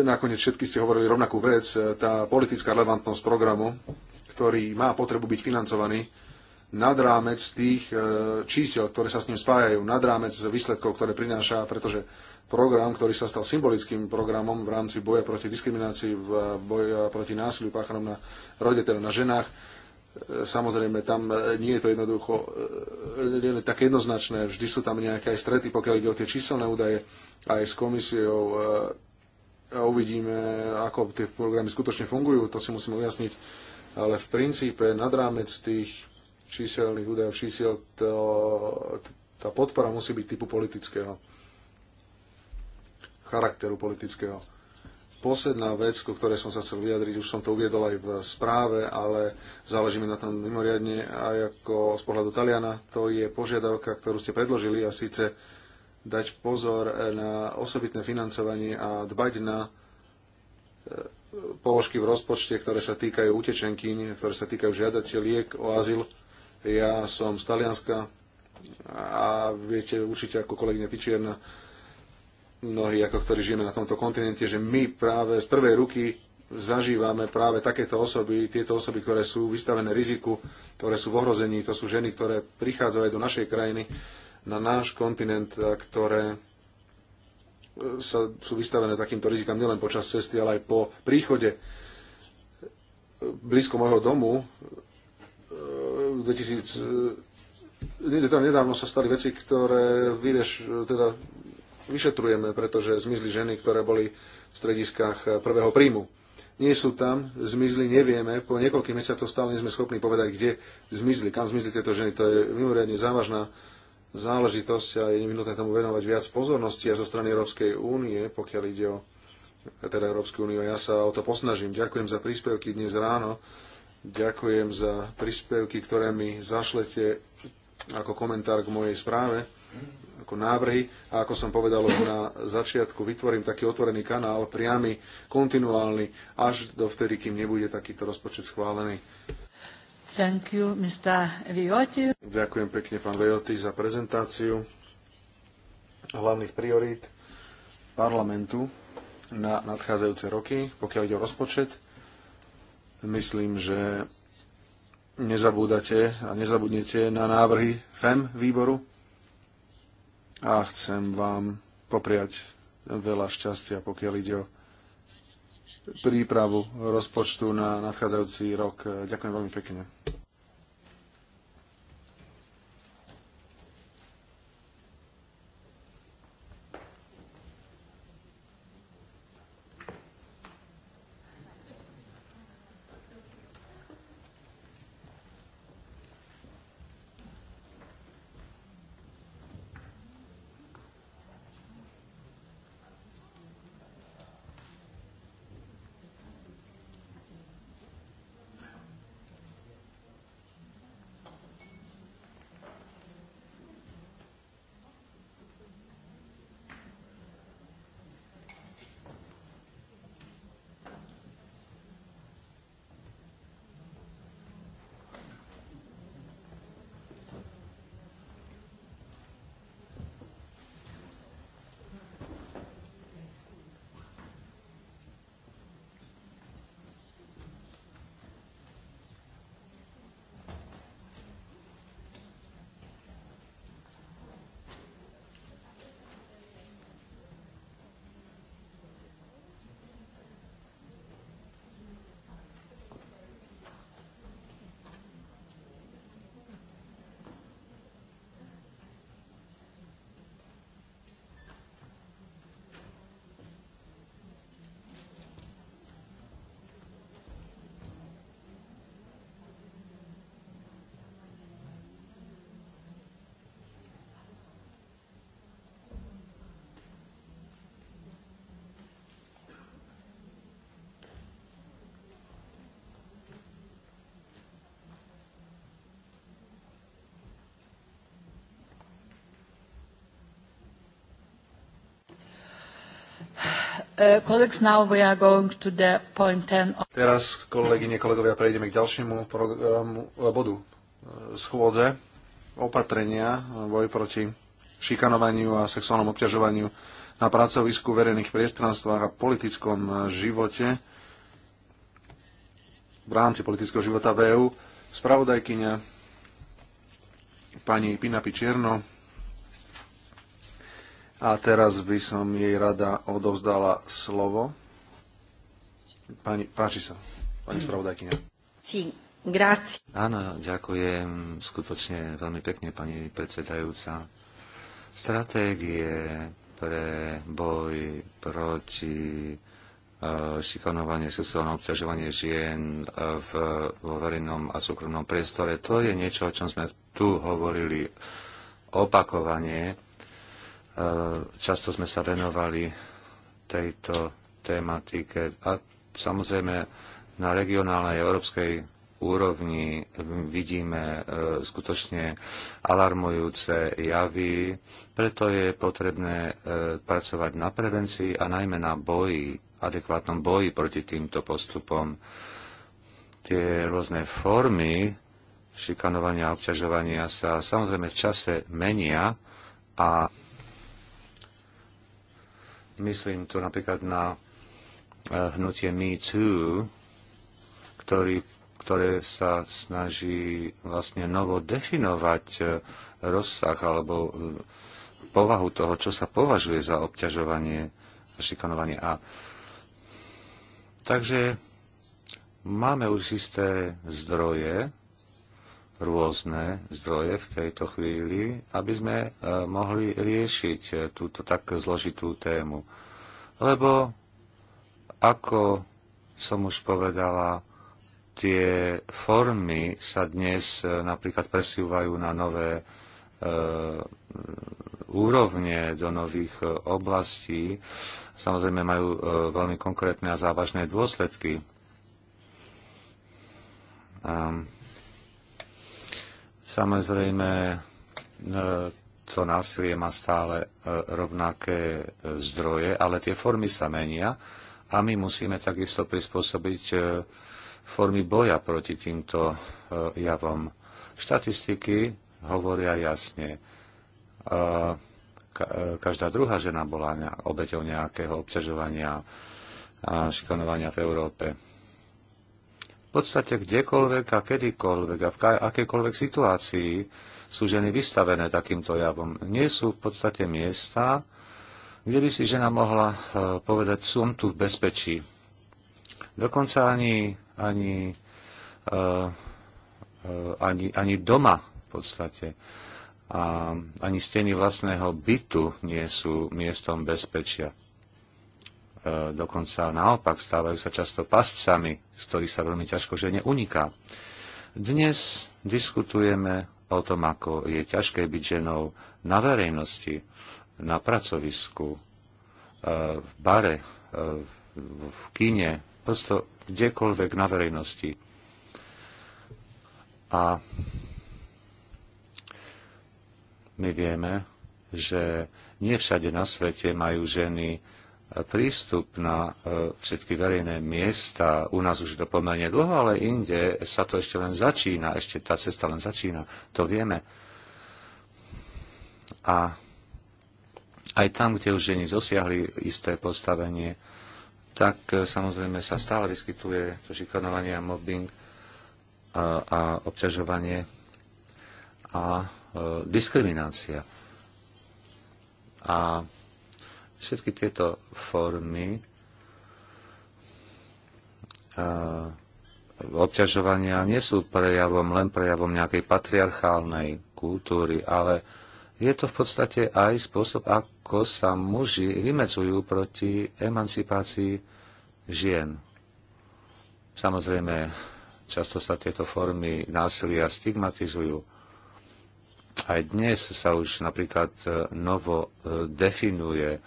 nakoniec všetky ste hovorili rovnakú vec, e, tá politická relevantnosť programu, ktorý má potrebu byť financovaný nad rámec tých e, čísel, ktoré sa s ním spájajú, nad rámec výsledkov, ktoré prináša, pretože program, ktorý sa stal symbolickým programom v rámci boja proti diskriminácii, v e, boja proti násiliu páchanom na rode, teda na ženách, samozrejme tam nie je to jednoducho nie je také jednoznačné, vždy sú tam nejaké aj strety, pokiaľ ide o tie číselné údaje aj s komisiou uvidíme, ako tie programy skutočne fungujú, to si musíme ujasniť, ale v princípe nad rámec tých číselných údajov, čísel, to, tá podpora musí byť typu politického, charakteru politického. Posledná vec, ku ktorej som sa chcel vyjadriť, už som to uviedol aj v správe, ale záleží mi na tom mimoriadne aj ako z pohľadu Taliana, to je požiadavka, ktorú ste predložili a síce dať pozor na osobitné financovanie a dbať na e, položky v rozpočte, ktoré sa týkajú utečenky, ktoré sa týkajú žiadateľiek o azyl. Ja som z Talianska a viete určite ako kolegyňa Pičierna, mnohí ako ktorí žijeme na tomto kontinente, že my práve z prvej ruky zažívame práve takéto osoby, tieto osoby, ktoré sú vystavené riziku, ktoré sú v ohrození, to sú ženy, ktoré prichádzajú do našej krajiny na náš kontinent, ktoré e, sa, sú vystavené takýmto rizikám nielen počas cesty, ale aj po príchode. E, blízko môjho domu 2000, e, teda nedávno sa stali veci, ktoré vyrieš, teda vyšetrujeme, pretože zmizli ženy, ktoré boli v strediskách prvého príjmu. Nie sú tam, zmizli, nevieme, po niekoľkých mesiacoch stále nie sme schopní povedať, kde zmizli, kam zmizli tieto ženy. To je mimoriadne závažná záležitosť a je nevinutné tomu venovať viac pozornosti aj zo strany Európskej únie, pokiaľ ide o teda Európsku úniu. Ja sa o to posnažím. Ďakujem za príspevky dnes ráno. Ďakujem za príspevky, ktoré mi zašlete ako komentár k mojej správe, ako návrhy. A ako som povedal už na začiatku, vytvorím taký otvorený kanál, priamy, kontinuálny, až do vtedy, kým nebude takýto rozpočet schválený.
Thank you, Mr.
Ďakujem pekne, pán Vioti, za prezentáciu hlavných priorít parlamentu na nadchádzajúce roky, pokiaľ ide o rozpočet. Myslím, že nezabúdate a nezabudnete na návrhy FEM výboru a chcem vám popriať veľa šťastia, pokiaľ ide o prípravu rozpočtu na nadchádzajúci rok. Ďakujem veľmi pekne. Uh, Teraz, kolegyne, kolegovia, prejdeme k ďalšiemu programu, eh, bodu eh, schôdze. Opatrenia, eh, boj proti šikanovaniu a sexuálnom obťažovaniu na pracovisku, verejných priestranstvách a politickom živote v rámci politického života Veu, Spravodajkyňa pani Pinapi Čierno a teraz by som jej rada odovzdala slovo. Pani,
páči sa, pani spravodajkyňa. Sí, Áno, ďakujem skutočne veľmi pekne, pani predsedajúca. Stratégie pre boj proti e, šikanovanie, sexuálne obťažovanie žien e, v, vo verejnom a súkromnom priestore. To je niečo, o čom sme tu hovorili opakovane Eh, často sme sa venovali tejto tematike a samozrejme na regionálnej európskej úrovni eh, vidíme eh, skutočne alarmujúce javy, preto je potrebné pracovať na prevencii a najmä na boji, adekvátnom boji proti týmto postupom. Tie rôzne formy šikanovania a obťažovania sa samozrejme v čase menia a Myslím tu napríklad na eh, hnutie Me Too, ktorý, ktoré sa snaží vlastne novo definovať eh, rozsah alebo eh, povahu toho, čo sa považuje za obťažovanie a šikanovanie. A takže máme už isté zdroje rôzne zdroje v tejto chvíli, aby sme e, mohli riešiť e, túto tak zložitú tému. Lebo, ako som už povedala, tie formy sa dnes e, napríklad presúvajú na nové e, úrovne, do nových oblastí. Samozrejme majú e, veľmi konkrétne a závažné dôsledky. Ehm, Samozrejme, e, to násilie má stále e, rovnaké e, zdroje, ale tie formy sa menia a my musíme takisto prispôsobiť formy boja proti týmto javom. Štatistiky hovoria jasne. Každá druhá žena bola obeťou nejakého obťažovania a šikanovania v Európe podstate kdekoľvek a kedykoľvek a v akékoľvek situácii sú ženy vystavené takýmto javom. Nie sú v podstate miesta, kde by si žena mohla e, povedať, som tu v bezpečí. Dokonca ani, ani, e, e, ani, ani doma v podstate a ani steny vlastného bytu nie sú miestom bezpečia. E, dokonca naopak stávajú sa často pascami, z ktorých sa veľmi ťažko žene uniká. Dnes diskutujeme o tom, ako je ťažké byť ženou na verejnosti, na pracovisku, e, v bare, e, v kine, prosto kdekoľvek na verejnosti. A my vieme, že nie všade na svete majú ženy prístup na e, všetky verejné miesta. U nás už je to pomerne dlho, ale inde sa to ešte len začína, ešte tá cesta len začína, to vieme. A aj tam, kde už ženy dosiahli isté postavenie, tak e, samozrejme sa stále vyskytuje to šikanovanie a mobbing a, e, a obťažovanie a a diskriminácia. A Všetky tieto formy obťažovania nie sú prejavom, len prejavom nejakej patriarchálnej kultúry, ale je to v podstate aj spôsob, ako sa muži vymedzujú proti emancipácii žien. Samozrejme, často sa tieto formy násilia stigmatizujú aj dnes sa už napríklad e, novo e, definuje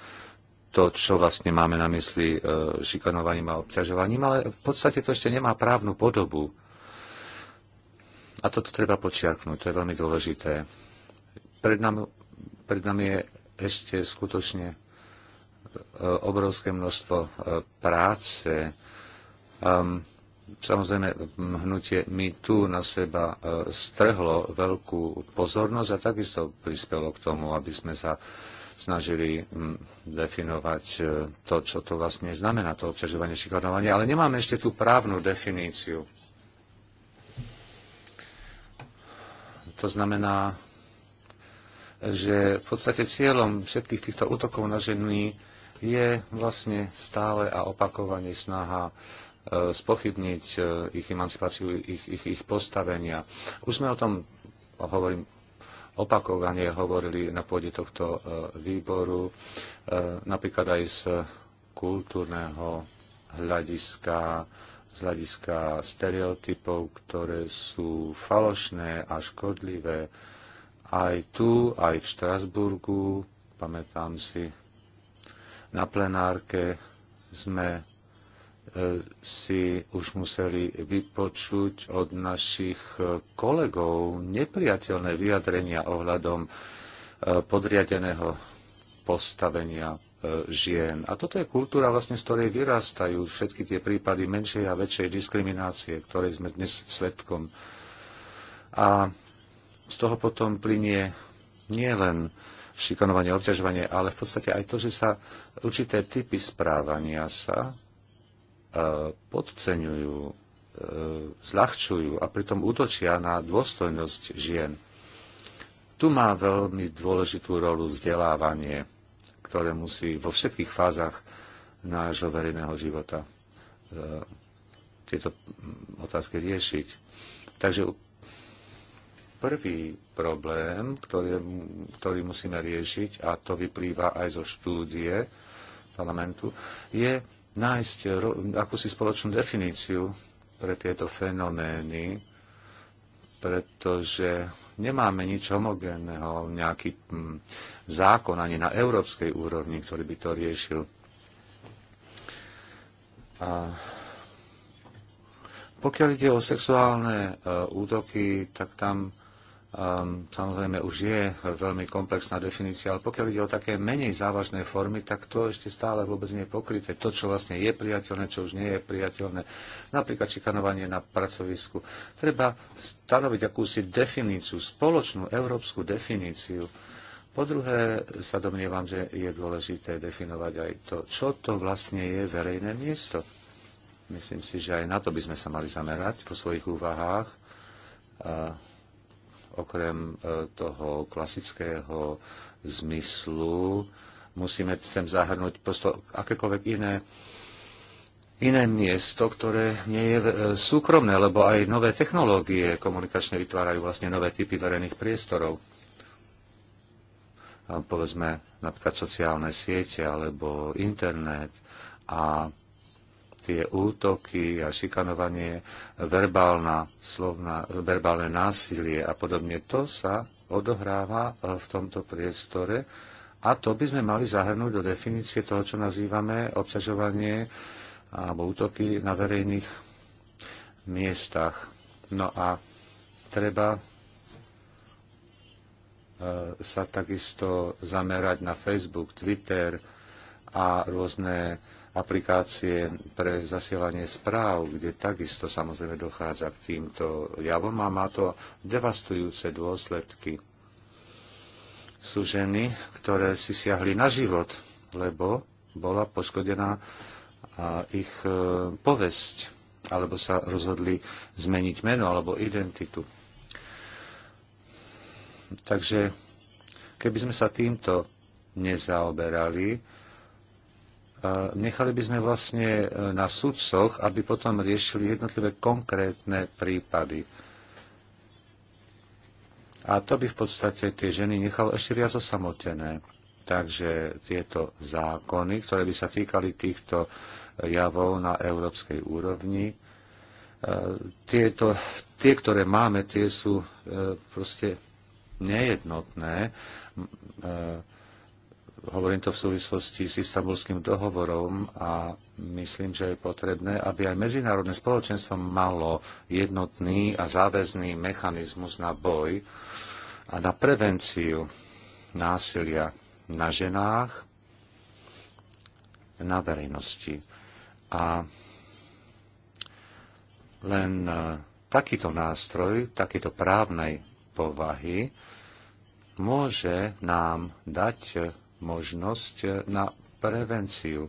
to, čo vlastne máme na mysli e, šikanovaním a obťažovaním, ale v podstate to ešte nemá právnu podobu. A toto treba počiarknúť, to je veľmi dôležité. Pred nami, pred nami je ešte skutočne obrovské množstvo práce. Um, Samozrejme, hnutie mi tu na seba e, strhlo veľkú pozornosť a takisto prispelo k tomu, aby sme sa snažili definovať e, to, čo to vlastne znamená, to obťažovanie, šikanovanie, ale nemáme ešte tú právnu definíciu. To znamená, že v podstate cieľom všetkých týchto útokov na ženy je vlastne stále a opakovane snaha E, spochybniť e, ich emancipáciu, ich, ich, ich postavenia. Už sme o tom, hovorím, opakovane hovorili na pôde tohto e, výboru, napríklad aj z kultúrneho hľadiska, z hľadiska stereotypov, ktoré sú falošné a škodlivé. Aj tu, aj v Štrasburgu, pamätám si, na plenárke sme si už museli vypočuť od našich e, kolegov nepriateľné vyjadrenia ohľadom e, podriadeného postavenia e, žien. A toto je kultúra, vlastne, z ktorej vyrastajú všetky tie prípady menšej a väčšej diskriminácie, ktorej sme dnes svetkom. A z toho potom plinie nielen šikanovanie, obťažovanie, ale v podstate aj to, že sa určité typy správania sa E, podceňujú, e, zľahčujú a pritom útočia na dôstojnosť žien. Tu má veľmi dôležitú rolu vzdelávanie, ktoré musí vo všetkých fázach nášho verejného života e, tieto otázky riešiť. Takže prvý problém, ktorý, ktorý musíme riešiť, a to vyplýva aj zo štúdie parlamentu, je nájsť akúsi spoločnú definíciu pre tieto fenomény, pretože nemáme nič homogénneho, nejaký hm, zákon ani na európskej úrovni, ktorý by to riešil. A pokiaľ ide o sexuálne e, útoky, tak tam Um, samozrejme už je veľmi komplexná definícia, ale pokiaľ ide o také menej závažné formy, tak to ešte stále vôbec nie je pokryté. To, čo vlastne je priateľné, čo už nie je priateľné, napríklad čikanovanie na pracovisku. Treba stanoviť akúsi definíciu, spoločnú európsku definíciu. Po druhé, sa domnievam, že je dôležité definovať aj to, čo to vlastne je verejné miesto. Myslím si, že aj na to by sme sa mali zamerať po svojich úvahách. Uh, okrem e, toho klasického zmyslu musíme sem zahrnúť prosto akékoľvek iné iné miesto, ktoré nie je e, súkromné, lebo aj nové technológie komunikačne vytvárajú vlastne nové typy verejných priestorov. Povedzme napríklad sociálne siete alebo internet a tie útoky a šikanovanie, verbálna, slovná, verbálne násilie a podobne, to sa odohráva e, v tomto priestore a to by sme mali zahrnúť do definície toho, čo nazývame obsažovanie alebo útoky na verejných miestach. No a treba e, sa takisto zamerať na Facebook, Twitter a rôzne aplikácie pre zasielanie správ, kde takisto samozrejme dochádza k týmto javom a má to devastujúce dôsledky. Sú ženy, ktoré si siahli na život, lebo bola poškodená ich e, povesť, alebo sa rozhodli zmeniť meno alebo identitu. Takže keby sme sa týmto nezaoberali, nechali by sme vlastne e, na sudcoch, aby potom riešili jednotlivé konkrétne prípady. A to by v podstate tie ženy nechalo ešte viac osamotené. Takže tieto zákony, ktoré by sa týkali týchto javov na európskej úrovni, e, tieto, tie, ktoré máme, tie sú e, proste nejednotné Hovorím to v súvislosti s istambulským dohovorom a myslím, že je potrebné, aby aj medzinárodné spoločenstvo malo jednotný a záväzný mechanizmus na boj a na prevenciu násilia na ženách, na verejnosti. A len e, takýto nástroj, takýto právnej povahy môže nám dať možnosť eh, na prevenciu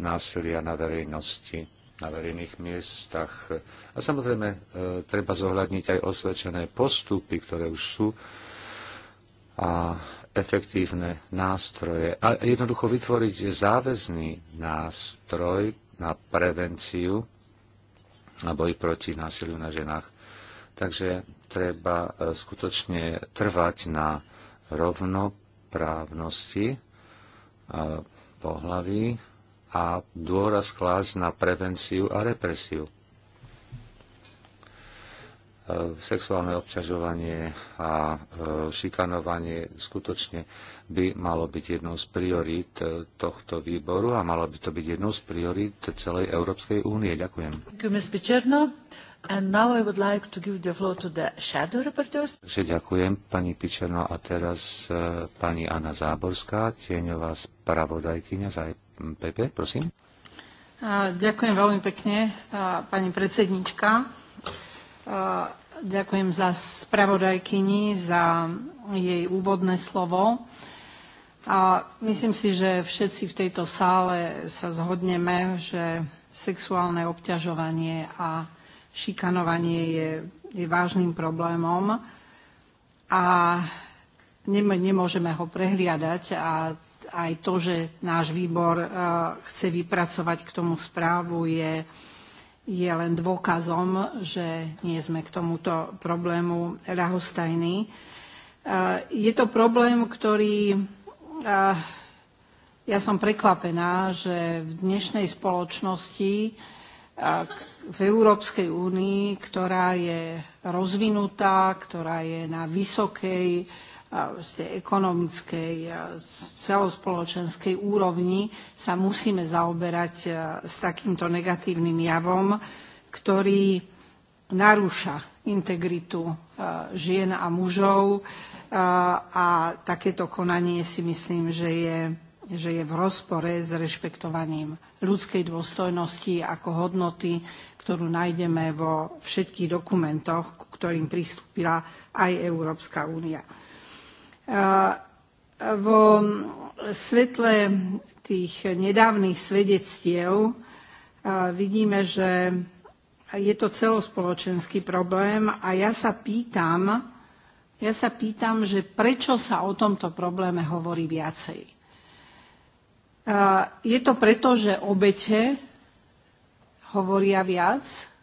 násilia na verejnosti, na verejných miestach. A samozrejme, eh, treba zohľadniť aj osvedčené postupy, ktoré už sú a efektívne nástroje. A jednoducho vytvoriť záväzný nástroj na prevenciu a boj proti násiliu na ženách. Takže treba eh, skutočne trvať na rovno právnosti e, pohlaví a dôraz klásť na prevenciu a represiu. E, sexuálne obťažovanie a e, šikanovanie skutočne by malo byť jednou z priorít tohto výboru a malo by to byť jednou z priorít celej Európskej únie. Ďakujem.
Takže
ďakujem pani Pičerno a teraz e, pani Anna Záborská, tieňová spravodajkyňa za EPP, prosím.
ďakujem veľmi pekne, pani predsednička. Ďakujem za spravodajkyni, za jej úvodné slovo. A myslím si, že všetci v tejto sále sa zhodneme, že sexuálne obťažovanie a šikanovanie je, je vážnym problémom a nemôžeme ho prehliadať a aj to, že náš výbor e, chce vypracovať k tomu správu, je, je len dôkazom, že nie sme k tomuto problému ľahostajní. E, je to problém, ktorý e, ja som prekvapená, že v dnešnej spoločnosti, v Európskej únii, ktorá je rozvinutá, ktorá je na vysokej vlastne ekonomickej, celospoločenskej úrovni, sa musíme zaoberať e, s takýmto negatívnym javom, ktorý narúša integritu e, žien a mužov e, a takéto konanie si myslím, že je, že je v rozpore s rešpektovaním ľudskej dôstojnosti ako hodnoty, ktorú nájdeme vo všetkých dokumentoch, k ktorým pristúpila aj Európska únia. E, vo svetle tých nedávnych svedectiev e, vidíme, že je to celospoločenský problém a ja sa pýtam, ja sa pýtam, že prečo sa o tomto probléme hovorí viacej. E, je to preto, že obete hovoria viac,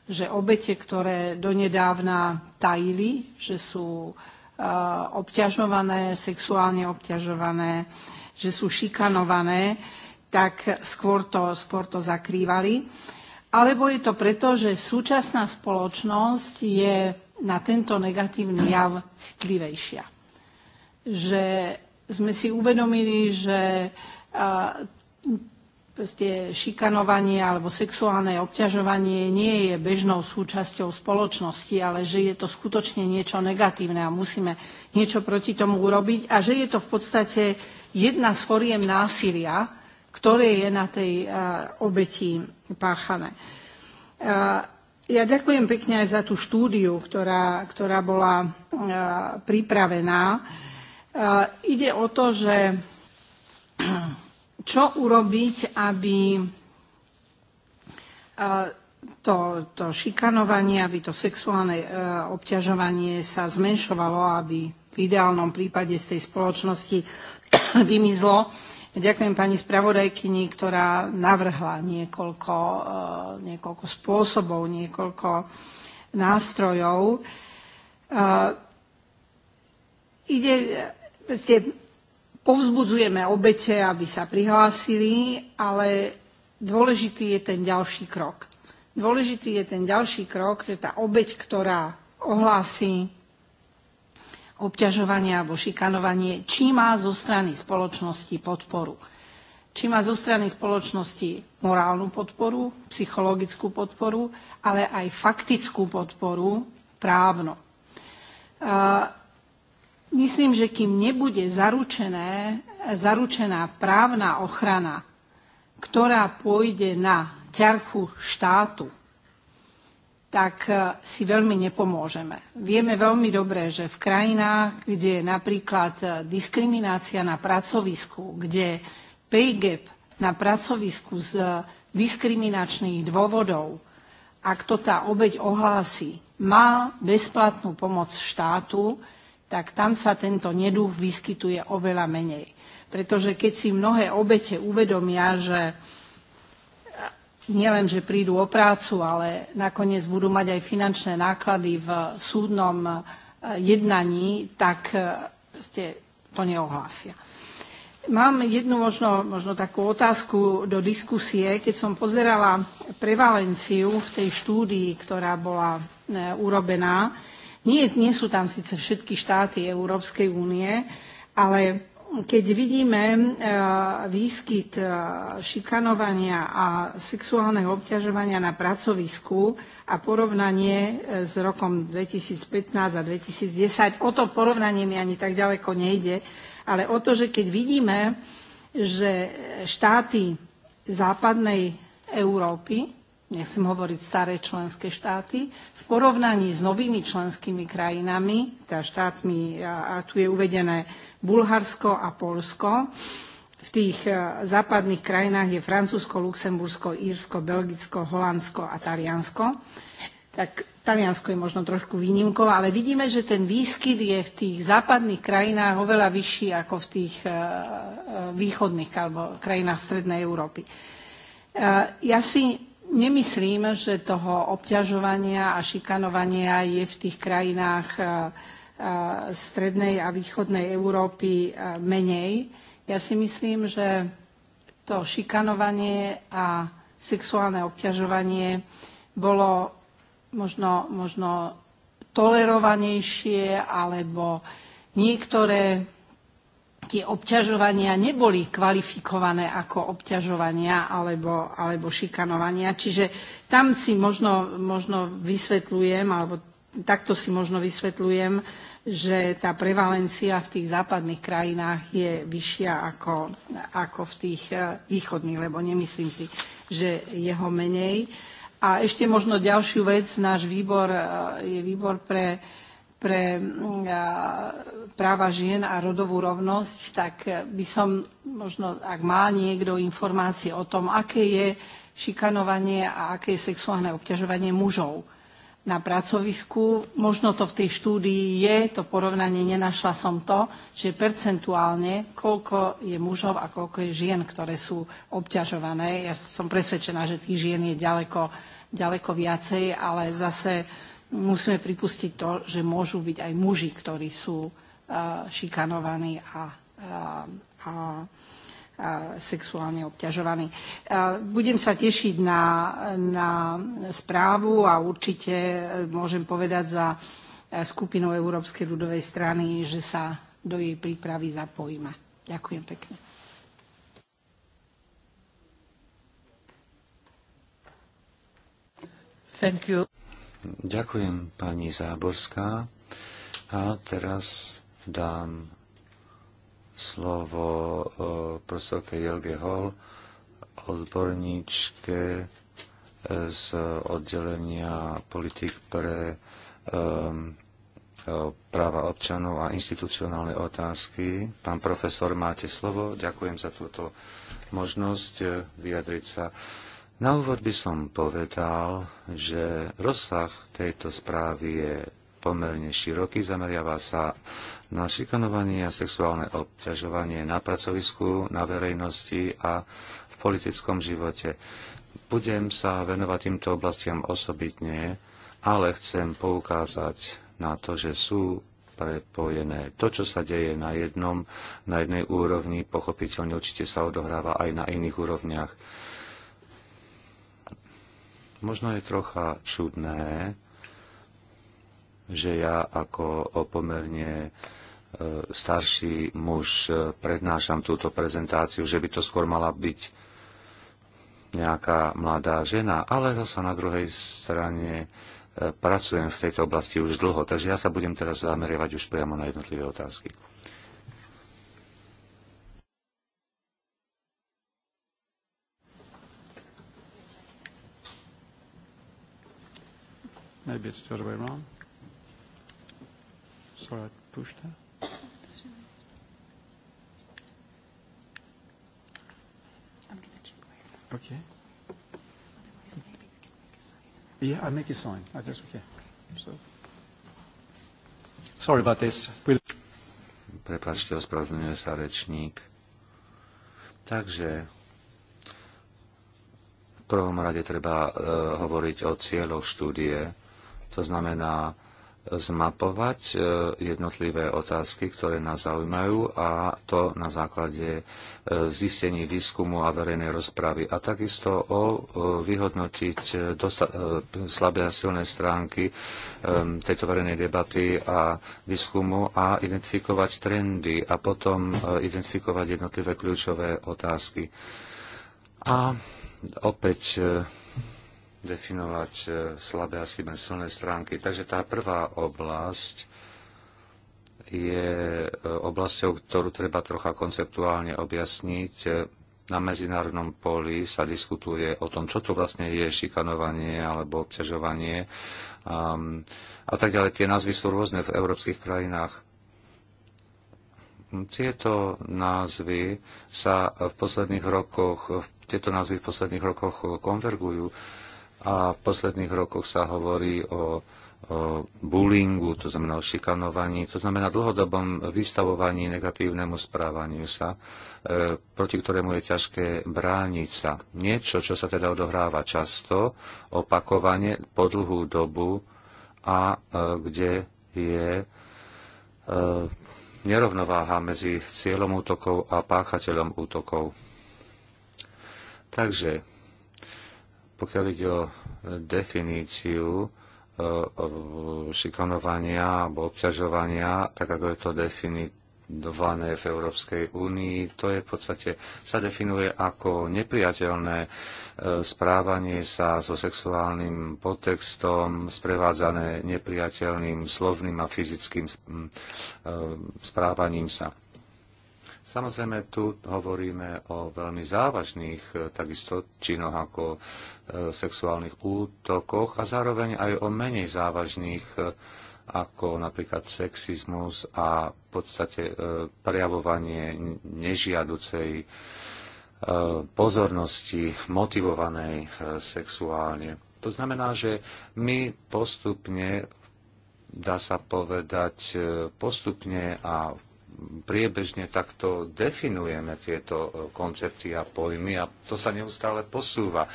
že obete, ktoré donedávna tajili, že sú eh, obťažované, sexuálne obťažované, že sú šikanované, tak skôr to, skôr to zakrývali. Alebo je to preto, že súčasná spoločnosť je na tento negatívny jav citlivejšia. Že sme si uvedomili, že eh, proste šikanovanie alebo sexuálne obťažovanie nie je bežnou súčasťou spoločnosti, ale že je to skutočne niečo negatívne a musíme niečo proti tomu urobiť a že je to v podstate jedna z foriem násilia, ktoré je na tej eh, obeti páchané. Eh, ja ďakujem pekne aj za tú štúdiu, ktorá, ktorá bola eh, pripravená. Ide o to, že čo urobiť, aby e, to, to šikanovanie, aby to sexuálne e, obťažovanie sa zmenšovalo, aby v ideálnom prípade z tej spoločnosti vymizlo. Ďakujem pani spravodajkyni, ktorá navrhla niekoľko, e, niekoľko spôsobov, niekoľko nástrojov. Ide, povzbudzujeme obete, aby sa prihlásili, ale dôležitý je ten ďalší krok. Dôležitý je ten ďalší krok, že tá obeť, ktorá ohlási obťažovanie alebo šikanovanie, či má zo strany spoločnosti podporu. Či má zo strany spoločnosti morálnu podporu, psychologickú podporu, ale aj faktickú podporu právno. Myslím, že kým nebude zaručené, zaručená právna ochrana, ktorá pôjde na ťarchu štátu, tak e, si veľmi nepomôžeme. Vieme veľmi dobre, že v krajinách, kde je napríklad e, diskriminácia na pracovisku, kde pay gap na pracovisku z e, diskriminačných dôvodov, ak to tá obeď ohlási, má bezplatnú pomoc štátu, tak tam sa tento neduch vyskytuje oveľa menej. Pretože keď si mnohé obete uvedomia, že nielen, že prídu o prácu, ale nakoniec budú mať aj finančné náklady v súdnom e, jednaní, tak e, ste to neohlásia. Mám jednu možno, možno takú otázku do diskusie. Keď som pozerala prevalenciu v tej štúdii, ktorá bola e, urobená, nie, nie sú tam síce všetky štáty Európskej únie, ale keď vidíme e, výskyt e, šikanovania a sexuálneho obťažovania na pracovisku a porovnanie e, s rokom 2015 a 2010, o to porovnanie mi ani tak ďaleko nejde, ale o to, že keď vidíme, že štáty západnej Európy nechcem hovoriť staré členské štáty, v porovnaní s novými členskými krajinami, teda štátmi, a tu je uvedené Bulharsko a Polsko, v tých e, západných krajinách je Francúzsko, Luxembursko, Írsko, Belgicko, Holandsko a Taliansko. Tak Taliansko je možno trošku výnimkou, ale vidíme, že ten výskyt je v tých západných krajinách oveľa vyšší ako v tých e, e, východných alebo krajinách Strednej Európy. Ja si Nemyslím, že toho obťažovania a šikanovania je v tých krajinách e, e, strednej a východnej Európy e, menej. Ja si myslím, že to šikanovanie a sexuálne obťažovanie bolo možno, možno tolerovanejšie alebo niektoré tie obťažovania neboli kvalifikované ako obťažovania alebo, alebo šikanovania. Čiže tam si možno, možno vysvetľujem, alebo takto si možno vysvetľujem, že tá prevalencia v tých západných krajinách je vyššia ako, ako v tých eh, východných, lebo nemyslím si, že je ho menej. A ešte možno ďalšiu vec, náš výbor eh, je výbor pre pre mm, práva žien a rodovú rovnosť, tak e, by som možno, ak má niekto informácie o tom, aké je šikanovanie a aké je sexuálne obťažovanie mužov na pracovisku. Možno to v tej štúdii je, to porovnanie nenašla som to, že percentuálne, koľko je mužov a koľko je žien, ktoré sú obťažované. Ja som presvedčená, že tých žien je ďaleko, ďaleko viacej, ale zase musíme pripustiť to, že môžu byť aj muži, ktorí sú e, šikanovaní a, e, a, a sexuálne obťažovaní. E, budem sa tešiť na, na správu a určite môžem povedať za skupinu Európskej ľudovej strany, že sa do jej prípravy zapojíme. Ďakujem pekne.
Thank you.
Ďakujem pani Záborská. A teraz dám slovo profesorke Jelge Hall, odborníčke e, z oddelenia politik pre um, práva občanov a institucionálne otázky. Pán profesor, máte slovo. Ďakujem za túto možnosť e, vyjadriť sa na úvod by som povedal, že rozsah tejto správy je pomerne široký, zameriava sa na šikanovanie a sexuálne obťažovanie na pracovisku, na verejnosti a v politickom živote. Budem sa venovať týmto oblastiam osobitne, ale chcem poukázať na to, že sú prepojené. To, čo sa deje na jednom, na jednej úrovni, pochopiteľne určite sa odohráva aj na iných úrovniach. Možno je trocha čudné, že ja ako pomerne e, starší muž e, prednášam túto prezentáciu, že by to skôr mala byť nejaká mladá žena, ale zasa na druhej strane e, pracujem v tejto oblasti už dlho, takže ja sa budem teraz zameriavať už priamo na jednotlivé otázky. Maybe it's the other way around. I that.
Okay. Yeah, I make a
sign. I just okay. So.
Sorry about this. We'll... Prepačte, ospravedlňuje sa rečník. Takže v prvom rade treba eh, hovoriť o cieľoch štúdie to znamená zmapovať e, jednotlivé otázky, ktoré nás zaujímajú a to na základe e, zistení výskumu a verejnej rozpravy. A takisto o e, vyhodnotiť slabé a silné stránky tejto verejnej debaty a výskumu a identifikovať trendy a potom identifikovať jednotlivé kľúčové otázky. A opäť definovať e, slabé a slibné silné stránky. Takže tá prvá oblasť je e, oblasťou, ktorú treba trocha konceptuálne objasniť. E, Na medzinárodnom poli sa diskutuje o tom, čo to vlastne je šikanovanie alebo obťažovanie um, a tak ďalej. Tie názvy sú rôzne v európskych krajinách. Tieto názvy sa v posledných rokoch, tieto názvy v posledných rokoch konvergujú a v posledných rokoch sa hovorí o, o bullyingu, to znamená o šikanovaní, to znamená dlhodobom vystavovaní negatívnemu správaniu sa, e, proti ktorému je ťažké brániť sa. Niečo, čo sa teda odohráva často, opakovane po dlhú dobu a e, kde je e, nerovnováha medzi cieľom útokov a páchateľom útokov. Takže pokiaľ ide o e, definíciu e, šikanovania alebo obťažovania, tak ako je to definované v Európskej únii, to je v podstate, sa definuje ako nepriateľné e, správanie sa so sexuálnym podtextom, sprevádzané nepriateľným slovným a fyzickým mm, správaním sa. Samozrejme, tu hovoríme o veľmi závažných e, takisto činoch ako e, sexuálnych útokoch a zároveň aj o menej závažných e, ako napríklad sexizmus a v podstate prejavovanie nežiaducej pozornosti motivovanej sexuálne. To znamená, že my postupne dá sa povedať, postupne a v priebežne takto definujeme tieto e, koncepty a pojmy a to sa neustále posúva.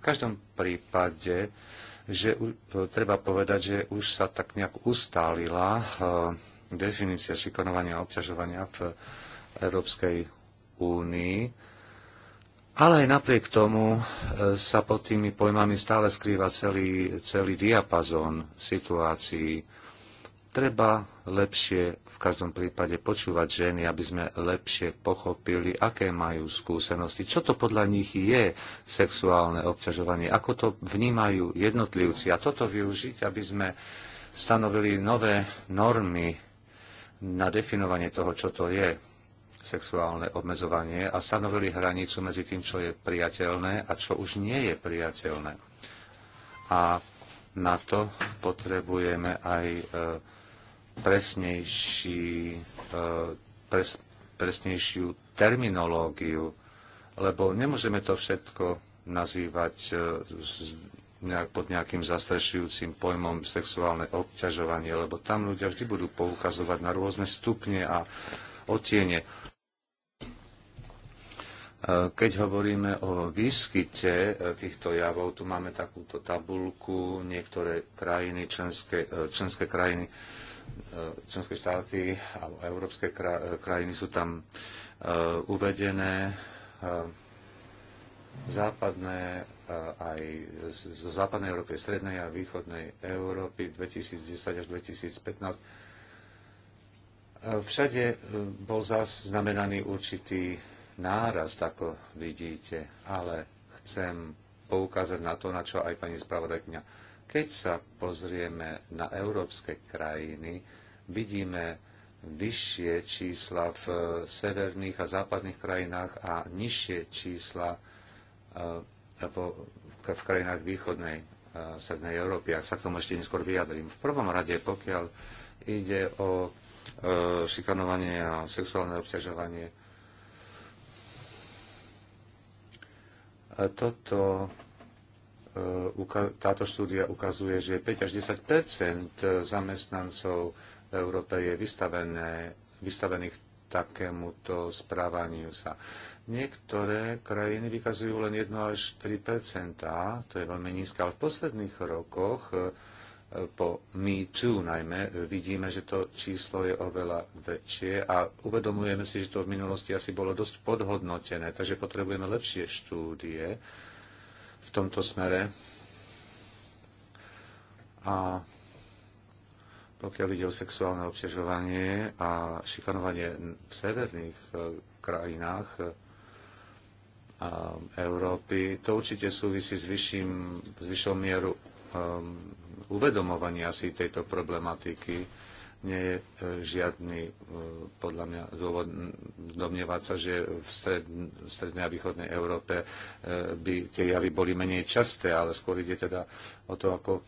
V každom prípade že e, treba povedať, že už sa tak nejak ustálila e, definícia šikonovania a obťažovania v Európskej únii. Ale aj napriek tomu sa pod tými pojmami stále skrýva celý, celý diapazón situácií. Treba lepšie v každom prípade počúvať ženy, aby sme lepšie pochopili, aké majú skúsenosti, čo to podľa nich je sexuálne obťažovanie, ako to vnímajú jednotlivci a toto využiť, aby sme stanovili nové normy na definovanie toho, čo to je sexuálne obmedzovanie a stanovili hranicu medzi tým, čo je priateľné a čo už nie je priateľné. A na to potrebujeme aj e, presnejší, e, pres, presnejšiu terminológiu, lebo nemôžeme to všetko nazývať e, pod nejakým zastrešujúcim pojmom sexuálne obťažovanie, lebo tam ľudia vždy budú poukazovať na rôzne stupne a otiene. E, keď hovoríme o výskyte týchto javov, tu máme takúto tabulku, niektoré krajiny, členské, členské krajiny E, členské štáty alebo európske e, krajiny sú tam e, uvedené. Západné aj zo západnej Európy, strednej a východnej Európy 2010 až 2015 všade bol zaznamenaný určitý nárast, ako vidíte, ale chcem poukázať na to, na čo aj pani spravodajkňa keď sa pozrieme na európske krajiny, vidíme vyššie čísla v eh, severných a západných krajinách a nižšie čísla eh, v krajinách východnej eh, Srednej Európy. Ak sa k tomu ešte neskôr vyjadrím. V prvom rade, pokiaľ ide o šikanovanie a sexuálne obťažovanie, toto E, táto štúdia ukazuje, že 5 až 10 zamestnancov v Európe je vystavené, vystavených takémuto správaniu sa. Niektoré krajiny vykazujú len 1 až 3 to je veľmi nízke, ale v posledných rokoch e, po Me Too najmä vidíme, že to číslo je oveľa väčšie a uvedomujeme si, že to v minulosti asi bolo dosť podhodnotené, takže potrebujeme lepšie štúdie, v tomto smere. A pokiaľ ide o sexuálne obťažovanie a šikanovanie v severných e, krajinách e, Európy, to určite súvisí s, vyšším, s vyššou mieru um, e, uvedomovania si tejto problematiky nie je e, žiadny e, podľa mňa dôvod domnievať sa, že v, stred, v strednej a východnej Európe e, by tie javy boli menej časté, ale skôr ide teda o to, ako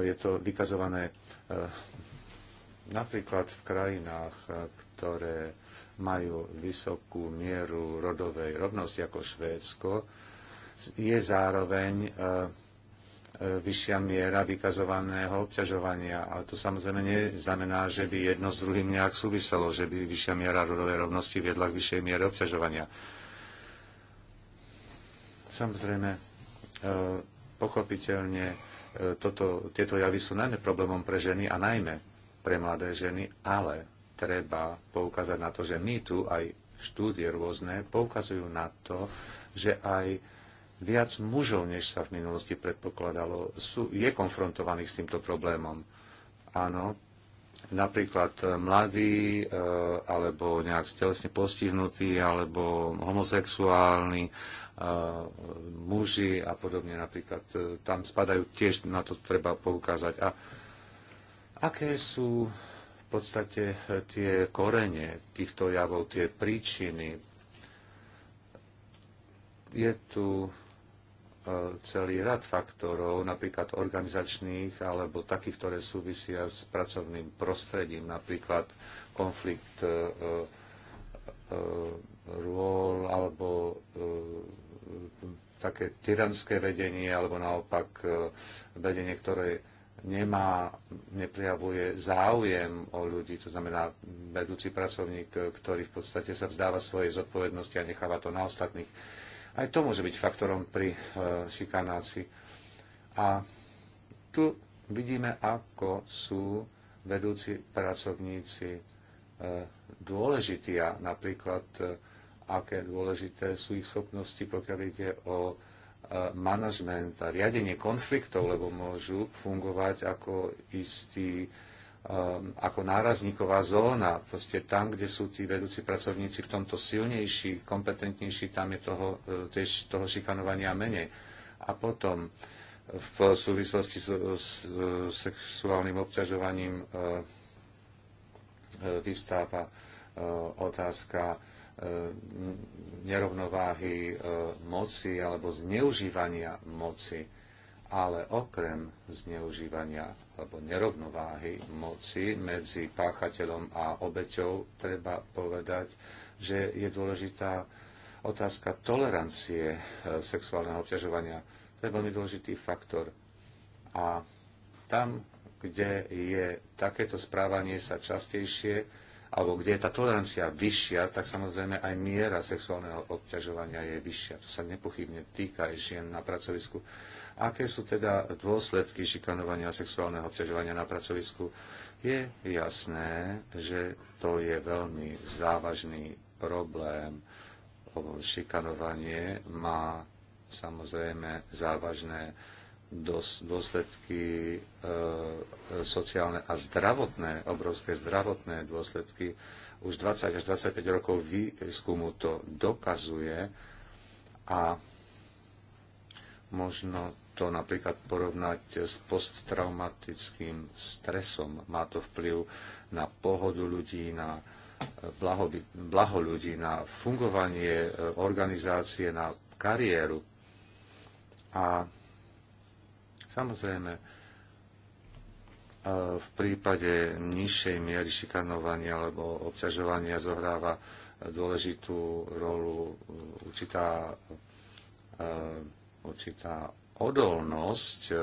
je to vykazované napríklad v krajinách, ktoré majú vysokú mieru rodovej rovnosti ako Švédsko, je zároveň vyššia miera vykazovaného obťažovania. Ale to samozrejme neznamená, že by jedno s druhým nejak súviselo, že by vyššia miera rodovej rovnosti viedla k vyššej miere obťažovania. Samozrejme, e, pochopiteľne e, toto, tieto javy sú najmä problémom pre ženy a najmä pre mladé ženy, ale treba poukázať na to, že my tu aj štúdie rôzne poukazujú na to, že aj Viac mužov, než sa v minulosti predpokladalo, sú, je konfrontovaných s týmto problémom. Áno, napríklad e, mladí, e, alebo nejak telesne postihnutí, alebo homosexuálni e, muži a podobne napríklad. Tam spadajú tiež, na to treba poukázať. A aké sú v podstate tie korene týchto javov, tie príčiny? Je tu E, celý rad faktorov, napríklad organizačných alebo takých, ktoré súvisia s pracovným prostredím, napríklad konflikt e, e, rôl alebo také tyranské vedenie alebo naopak vedenie, ktoré nemá, neprijavuje záujem o ľudí, to znamená vedúci pracovník, ktorý v podstate sa vzdáva svojej zodpovednosti a necháva to na ostatných aj to môže byť faktorom pri e, šikanácii. A tu vidíme, ako sú vedúci pracovníci e, dôležití a napríklad e, aké dôležité sú ich schopnosti, pokiaľ ide o manažment a riadenie konfliktov, lebo môžu fungovať ako istí Um, ako nárazníková zóna, proste tam, kde sú tí vedúci pracovníci v tomto silnejší, kompetentnejší, tam je toho, e, tiež toho šikanovania menej. A potom v súvislosti s, s e, sexuálnym obťažovaním e, vyvstáva otázka nerovnováhy moci alebo zneužívania moci, ale okrem zneužívania alebo nerovnováhy moci medzi páchateľom a obeťou, treba povedať, že je dôležitá otázka tolerancie e, sexuálneho obťažovania. To je veľmi dôležitý faktor. A tam, kde je takéto správanie sa častejšie, alebo kde je tá tolerancia vyššia, tak samozrejme aj miera sexuálneho obťažovania je vyššia. To sa nepochybne týka aj žien na pracovisku. Aké sú teda dôsledky šikanovania a sexuálneho obťažovania na pracovisku? Je jasné, že to je veľmi závažný problém. Šikanovanie má samozrejme závažné dôsledky e, sociálne a zdravotné, obrovské zdravotné dôsledky. Už 20 až 25 rokov výskumu to dokazuje a možno to napríklad porovnať s posttraumatickým stresom. Má to vplyv na pohodu ľudí, na e, blaho, blaho ľudí, na fungovanie e, organizácie, na kariéru. A samozrejme, e, v prípade nižšej miery šikanovania alebo obťažovania zohráva dôležitú rolu určitá, určitá odolnosť eh,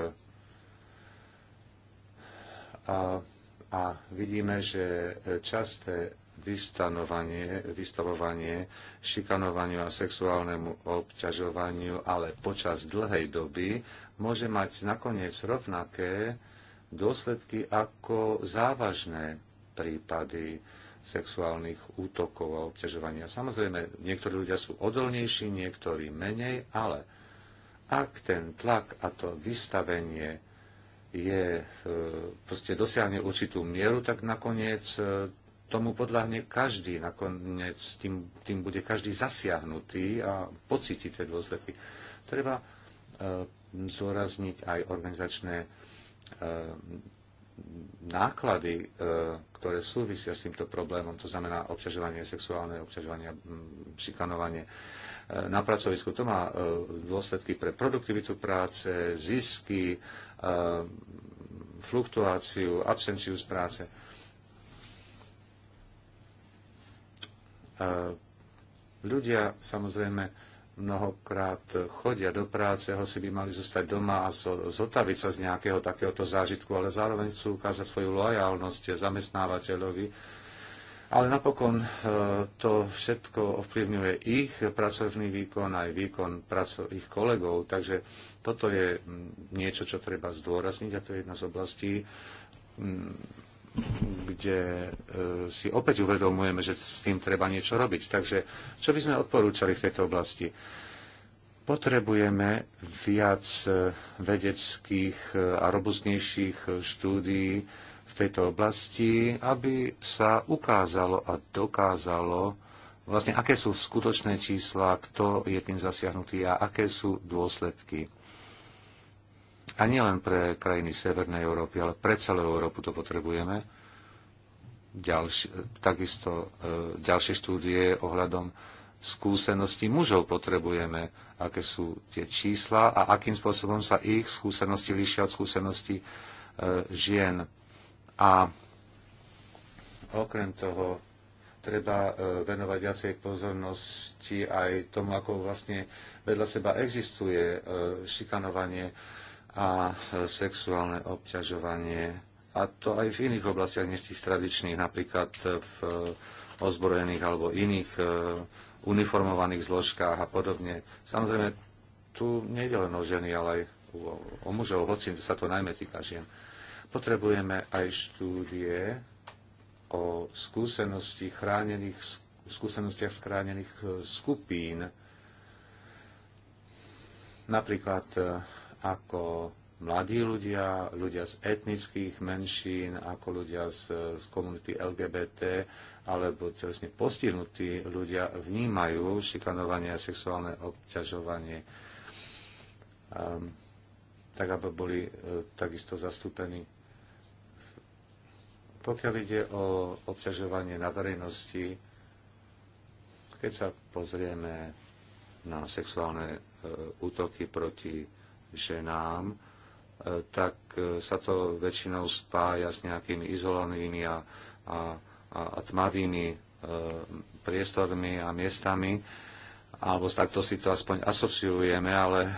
a, a vidíme, že eh, časté vystanovanie, vystavovanie šikanovaniu a sexuálnemu obťažovaniu, ale počas dlhej doby môže mať nakoniec rovnaké dôsledky ako závažné prípady sexuálnych útokov a obťažovania. Samozrejme, niektorí ľudia sú odolnejší, niektorí menej, ale ak ten tlak a to vystavenie je, e, proste dosiahne určitú mieru, tak nakoniec e, tomu podľahne každý. Nakoniec tým, tým bude každý zasiahnutý a pocíti tie dôsledky. Treba e, zdôrazniť aj organizačné náklady, ktoré súvisia s týmto problémom, to znamená obťažovanie sexuálne, obťažovanie, šikanovanie E, na pracovisku. To má e, dôsledky pre produktivitu práce, zisky, e, fluktuáciu, absenciu z práce. Ľudia samozrejme mnohokrát chodia do práce, hoci by mali zostať doma a zotaviť sa z nejakého takéhoto zážitku, ale zároveň chcú ukázať svoju lojálnosť zamestnávateľovi, ale napokon e, to všetko ovplyvňuje ich pracovný výkon, aj výkon praco- ich kolegov, takže toto je niečo, čo treba zdôrazniť a to je jedna z oblastí, kde e, si opäť uvedomujeme, že s tým treba niečo robiť. Takže čo by sme odporúčali v tejto oblasti? Potrebujeme viac e, vedeckých a robustnejších štúdií, tejto oblasti, aby sa ukázalo a dokázalo, vlastne aké sú skutočné čísla, kto je tým zasiahnutý a aké sú dôsledky. A nielen pre krajiny Severnej Európy, ale pre celú Európu to potrebujeme. Ďalšie, takisto e, ďalšie štúdie ohľadom skúseností mužov potrebujeme, aké sú tie čísla a akým spôsobom sa ich skúsenosti líšia od skúseností e, žien. A okrem toho treba e, venovať viacej pozornosti aj tomu, ako vlastne vedľa seba existuje e, šikanovanie a e, sexuálne obťažovanie. A to aj v iných oblastiach než tých tradičných, napríklad v ozbrojených alebo iných uniformovaných zložkách a podobne. Samozrejme, tu nejde len o ženy, ale aj o mužov, hoci sa to najmä týka žien. Potrebujeme aj štúdie o skúsenosti chránených, skúsenostiach chránených e, skupín, napríklad e, ako mladí ľudia, ľudia z etnických menšín, ako ľudia z, z komunity LGBT alebo telesne postihnutí ľudia vnímajú šikanovanie a sexuálne obťažovanie. Um, tak, aby boli uh, takisto zastúpení pokiaľ ide o obťažovanie na verejnosti, keď sa pozrieme na sexuálne e, útoky proti ženám, e, tak e, sa to väčšinou spája s nejakými izolovanými a, a, a tmavými priestormi a miestami alebo takto si to aspoň asociujeme, ale e,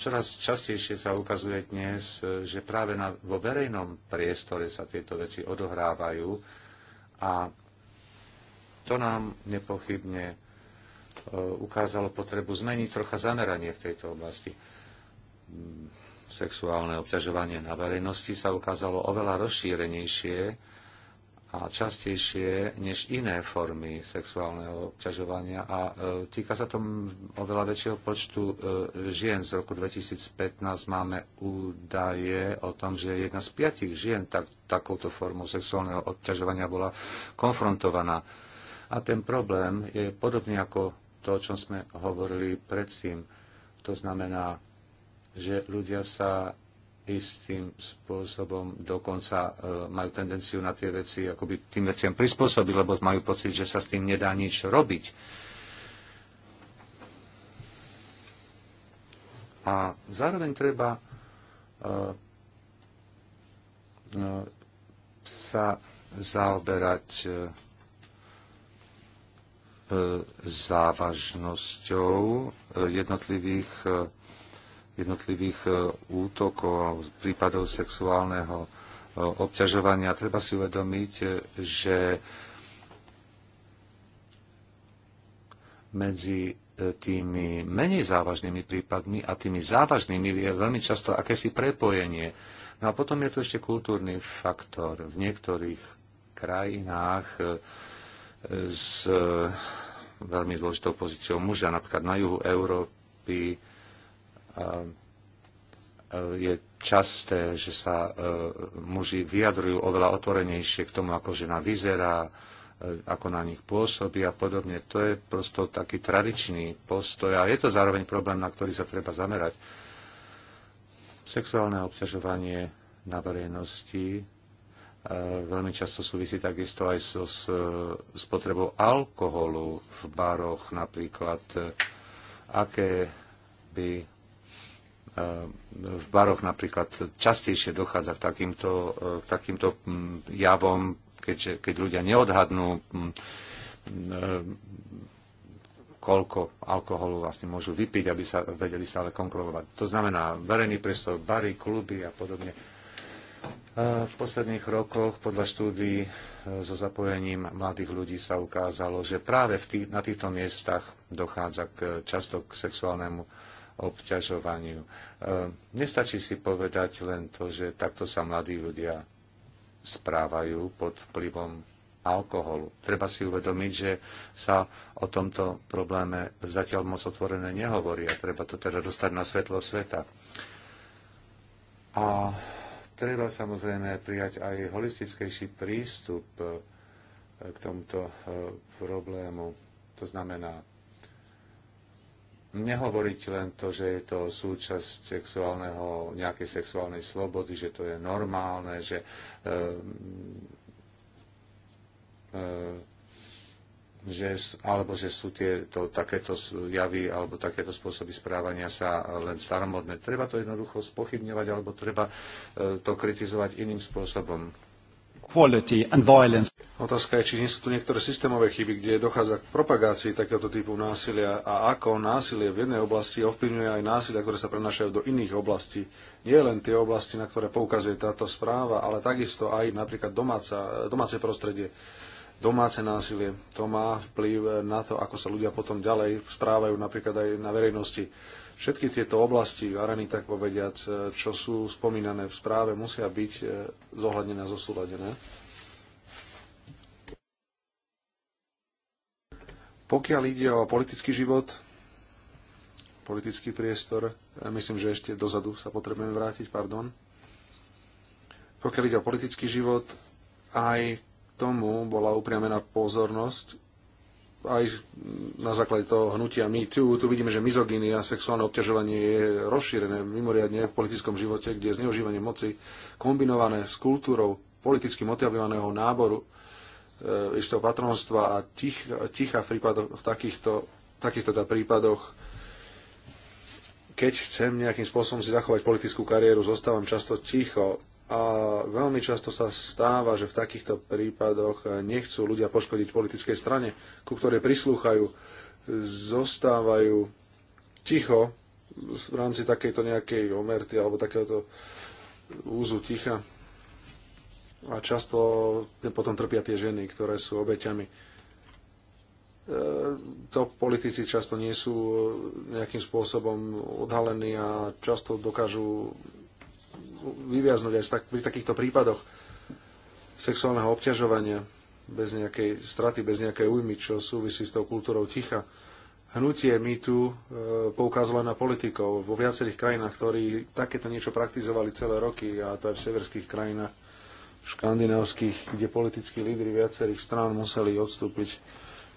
čoraz častejšie sa ukazuje dnes, e, že práve na, vo verejnom priestore sa tieto veci odohrávajú a to nám nepochybne e, ukázalo potrebu zmeniť trocha zameranie v tejto oblasti. Mm, sexuálne obťažovanie na verejnosti sa ukázalo oveľa rozšírenejšie, a častejšie než iné formy sexuálneho obťažovania a e, týka sa tom oveľa väčšieho počtu e, žien. Z roku 2015 máme údaje o tom, že jedna z piatich žien tak, takouto formou sexuálneho obťažovania bola konfrontovaná. A ten problém je podobný ako to, o čom sme hovorili predtým. To znamená, že ľudia sa istým spôsobom dokonca e, majú tendenciu na tie veci akoby tým veciam prispôsobiť, lebo majú pocit, že sa s tým nedá nič robiť. A zároveň treba e, e, sa zaoberať závažnosťou jednotlivých jednotlivých e, útokov a prípadov sexuálneho e, obťažovania. Treba si uvedomiť, e, že medzi tými menej závažnými prípadmi a tými závažnými je veľmi často akési prepojenie. No a potom je tu ešte kultúrny faktor. V niektorých krajinách s veľmi dôležitou pozíciou muža, napríklad na juhu Európy, je časté, že sa e, muži vyjadrujú oveľa otvorenejšie k tomu, ako žena vyzerá, e, ako na nich pôsobí a podobne. To je prosto taký tradičný postoj a je to zároveň problém, na ktorý sa treba zamerať. Sexuálne obťažovanie na verejnosti e, veľmi často súvisí takisto aj so spotrebou alkoholu v baroch napríklad. Aké by v baroch napríklad častejšie dochádza k takýmto, eh, k takýmto hm, javom, keď, keď ľudia neodhadnú, hm, eh, koľko alkoholu vlastne môžu vypiť, aby sa vedeli stále kontrolovať. To znamená verejný priestor, bary, kluby a podobne. Eh, v posledných rokoch podľa štúdií so zapojením mladých ľudí sa ukázalo, že práve v tých, na týchto miestach dochádza k, často k sexuálnemu obťažovaniu. Ehm, nestačí si povedať len to, že takto sa mladí ľudia správajú pod vplyvom alkoholu. Treba si uvedomiť, že sa o tomto probléme zatiaľ moc otvorené nehovorí a treba to teda dostať na svetlo sveta. A treba samozrejme prijať aj holistickejší prístup ehm, k tomuto ehm, problému. To znamená nehovoriť len to, že je to súčasť sexuálneho, nejakej sexuálnej slobody, že to je normálne, že e, e, že, alebo že sú tieto, takéto javy alebo takéto spôsoby správania sa len staromodné. Treba to jednoducho spochybňovať alebo treba e, to kritizovať iným spôsobom. Otázka je, či nie sú tu niektoré systémové chyby, kde
dochádza k propagácii takéhoto typu násilia a ako násilie v jednej oblasti ovplyvňuje aj násilia, ktoré sa prenašajú do iných oblastí. Nie len tie oblasti, na ktoré poukazuje táto správa, ale takisto aj napríklad domáca, domáce prostredie, domáce násilie. To má vplyv na to, ako sa ľudia potom ďalej správajú napríklad aj na verejnosti. Všetky tieto oblasti, arany tak povediac, čo sú spomínané v správe, musia byť e, zohľadnené a zosúladené. Pokiaľ ide o politický život, politický priestor, e, myslím, že ešte dozadu sa potrebujeme vrátiť, pardon. Pokiaľ ide o politický život, aj tomu bola upriamená pozornosť aj na základe toho hnutia Me Too. Tu vidíme, že mizogíny a sexuálne obťažovanie je rozšírené mimoriadne v politickom živote, kde zneužívanie moci kombinované s kultúrou politicky motivovaného náboru e, istého patronstva a tich, ticha v, prípadoch, v takýchto, takýchto teda prípadoch keď chcem nejakým spôsobom si zachovať politickú kariéru, zostávam často ticho. A veľmi často sa stáva, že v takýchto prípadoch eh, nechcú ľudia poškodiť politickej strane, ku ktorej prislúchajú, zostávajú ticho v rámci takejto nejakej omerty alebo takéhoto úzu ticha. A často potom trpia tie ženy, ktoré sú obeťami. Eh, to politici často nie sú eh, nejakým spôsobom odhalení a často dokážu vyviaznuť aj pri takýchto prípadoch sexuálneho obťažovania bez nejakej straty, bez nejakej újmy, čo súvisí s tou kultúrou ticha. Hnutie e, poukázalo na politikov vo viacerých krajinách, ktorí takéto niečo praktizovali celé roky, a to aj v severských krajinách, škandinávskych, kde politickí lídry viacerých strán museli odstúpiť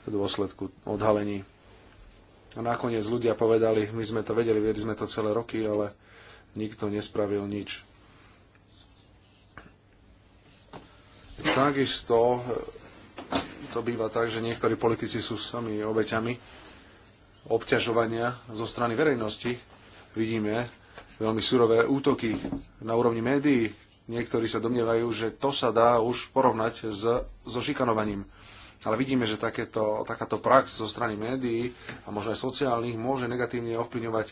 v dôsledku odhalení. A nakoniec ľudia povedali, my sme to vedeli, vedeli sme to celé roky, ale nikto nespravil nič. Takisto e, to býva tak, že niektorí politici sú sami obeťami obťažovania zo strany verejnosti. Vidíme veľmi surové útoky na úrovni médií. Niektorí sa domnievajú, že to sa dá už porovnať s, so šikanovaním. Ale vidíme, že takéto, takáto prax zo strany médií a možno aj sociálnych môže negatívne ovplyvňovať